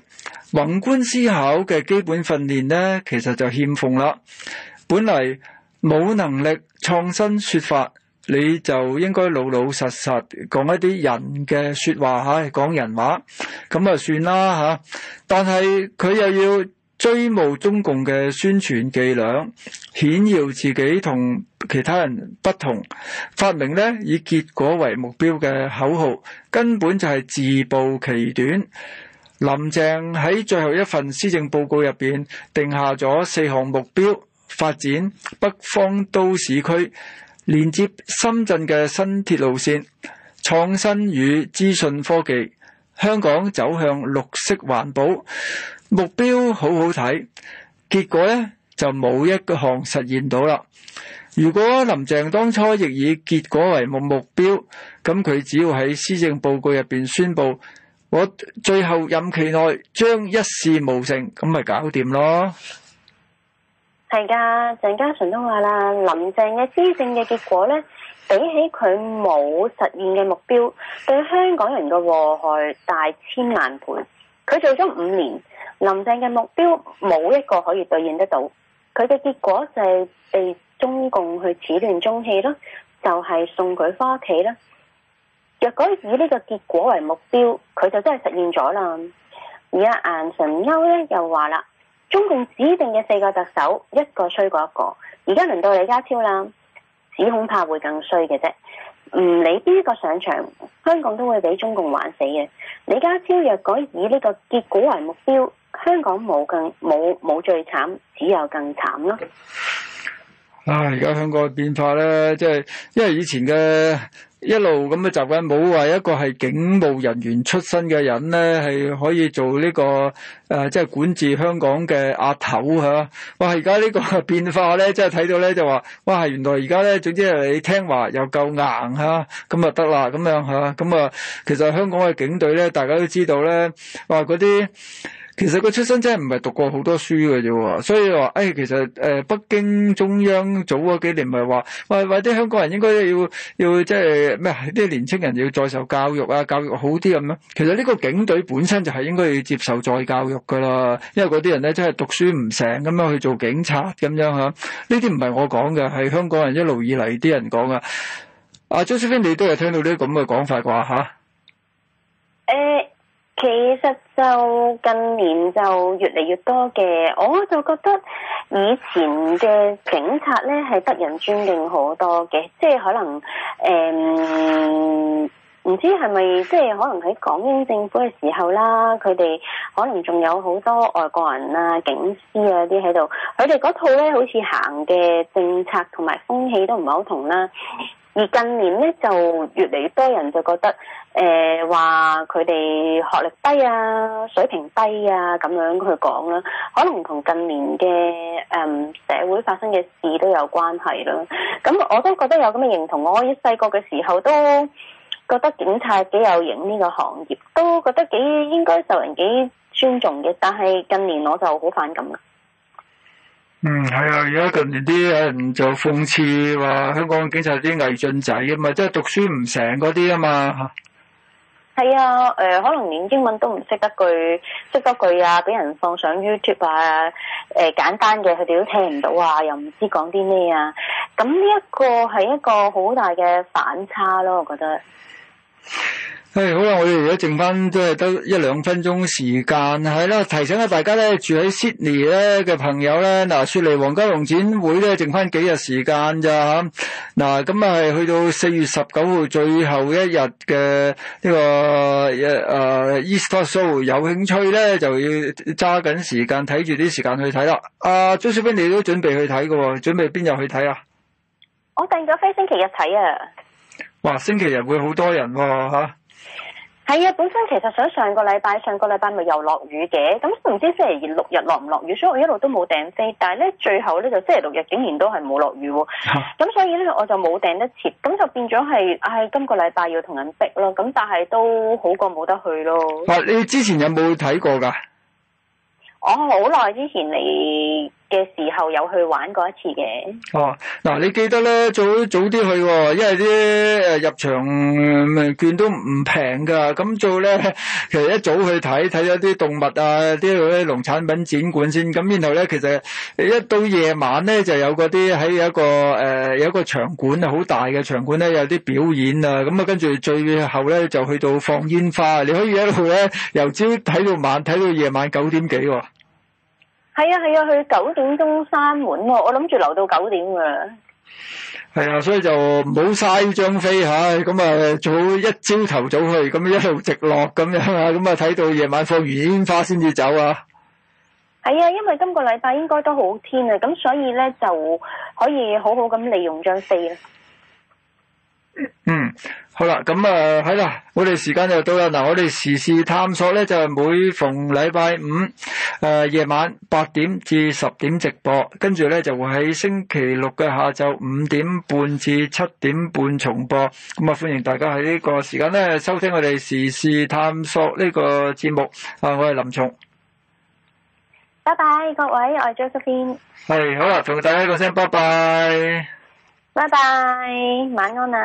宏觀思考嘅基本訓練咧，其實就欠奉啦。本嚟冇能力創新說法，你就應該老老實實講一啲人嘅說話吓，講人話，咁就算啦吓，但係佢又要。追慕中共嘅宣傳伎倆，顯耀自己同其他人不同，發明呢以結果為目標嘅口號，根本就係自暴其短。林鄭喺最後一份施政報告入邊定下咗四項目標：發展北方都市區，連接深圳嘅新鐵路線，創新與資訊科技，香港走向綠色環保。目標好好睇，結果呢就冇一項實現到啦。如果林鄭當初亦以結果為目標，咁佢只要喺施政報告入邊宣布，我最後任期內將一事無成，咁咪搞掂咯。係噶，鄭嘉純都話啦，林鄭嘅施政嘅結果呢，比起佢冇實現嘅目標，對香港人嘅禍害大千萬倍。佢做咗五年。林鄭嘅目標冇一個可以兌現得到，佢嘅結果就係被中共去始亂終棄咯，就係、是、送佢翻屋企啦。若果以呢個結果為目標，佢就真係實現咗啦。而家顏純鈎咧又話啦，中共指定嘅四個特首一個衰過一個，而家輪到李家超啦，只恐怕會更衰嘅啫。唔理邊一個上場，香港都會俾中共玩死嘅。李家超若果以呢個結果為目標，香港冇更冇冇最慘，只有更慘咯。啊！而家香港嘅變化咧，即係因為以前嘅一路咁嘅習慣，冇話一個係警務人員出身嘅人咧，係可以做呢個誒，即係管治香港嘅阿頭嚇。哇！而家呢個變化咧，即係睇到咧就話哇，原來而家咧，總之你聽話又夠硬嚇，咁啊得啦咁樣嚇，咁啊其實香港嘅警隊咧，大家都知道咧，話嗰啲。其實個出身真係唔係讀過好多書嘅啫，所以話誒、哎，其實誒，北京中央早嗰幾年咪話，喂或者啲香港人應該要要即係咩啲年青人要再受教育啊，教育好啲咁樣。其實呢個警隊本身就係應該要接受再教育噶啦，因為嗰啲人咧真係讀書唔成咁樣去做警察咁樣吓。呢啲唔係我講嘅，係香港人一路以嚟啲人講噶。阿張雪菲，Josephine, 你都有聽到呢啲咁嘅講法啩吓？誒。嗯其實就近年就越嚟越多嘅，我就覺得以前嘅警察呢係得人尊敬好多嘅，即係可能誒、嗯、唔知係咪即係可能喺港英政府嘅時候啦，佢哋可能仲有好多外國人啊、警司啊啲喺度，佢哋嗰套呢好似行嘅政策同埋風氣都唔係好同啦。而近年呢就越嚟越多人就覺得。誒，話佢哋學歷低啊，水平低啊，咁樣去講啦，可能同近年嘅嗯社會發生嘅事都有關係啦。咁我都覺得有咁嘅認同。我一細個嘅時候都覺得警察幾有型呢個行業，都覺得幾應該受人幾尊重嘅。但係近年我就好反感啦。嗯，係啊，而家近年啲人就諷刺話香港警察啲毅進仔啊嘛，即係讀書唔成嗰啲啊嘛。係啊、呃，可能連英文都唔識得句，識得句啊，俾人放上 YouTube 啊，呃、簡單嘅佢哋都聽唔到啊，又唔知講啲咩啊，咁呢一個係一個好大嘅反差咯，我覺得。誒，好啦，我哋而家剩翻即係得一兩分鐘時間，係啦。提醒下大家咧，住喺 s d sydney 咧嘅朋友咧，嗱，悉尼皇家農展會咧，剩翻幾日時間咋吓？嗱，咁啊去到四月十九號最後一日嘅呢個誒、啊、East、Talk、Show，有興趣咧就要揸緊時間睇住啲時間去睇啦。阿張小斌，你都準備去睇噶？準備邊日去睇啊？我訂咗飛星期日睇啊！哇，星期日會好多人吓、哦。係啊，本身其實想上個禮拜，上個禮拜咪又落雨嘅，咁唔知星期六日落唔落雨，所以我一路都冇訂飛。但係咧，最後咧就星期六日竟然都係冇落雨喎，咁、啊、所以咧我就冇訂得切，咁就變咗係，唉、哎，今個禮拜要同人逼咯。咁但係都好過冇得去咯。啊、你之前有冇睇過㗎？我好耐之前嚟嘅時候有去玩過一次嘅。哦，嗱，你記得咧，早早啲去哦，因為啲入場券都唔平㗎。咁做咧，其實一早去睇睇咗啲動物啊，啲嗰啲農產品展館先。咁然後咧，其實一到夜晚咧，就有嗰啲喺有一個、呃、有一個場館咧，好大嘅場館咧，有啲表演啊。咁啊，跟住最後咧，就去到放煙花。你可以一路咧由朝睇到晚，睇到夜晚九點幾。係啊係啊，去九點鐘閂門喎，我諗住留到九點嘅。係啊，所以就唔好嘥呢張飛吓，咁啊早一朝頭早去，咁一路直落咁樣啊，咁啊睇到夜晚放完煙花先至走啊。係啊，因為今個禮拜應該都好天啊，咁所以咧就可以好好咁利用張飛啦。嗯，好啦，咁、嗯、啊，係啦，我哋時間就到啦。嗱，我哋時事探索咧就係每逢禮拜五誒夜、呃、晚八點至十點直播，跟住咧就會喺星期六嘅下晝五點半至七點半重播。咁啊，歡迎大家喺呢個時間咧收聽我哋時事探索呢個節目。啊，我係林松，拜拜各位，我係 Josephine，係，好啦，同大家講聲拜拜。拜拜，晚安啊。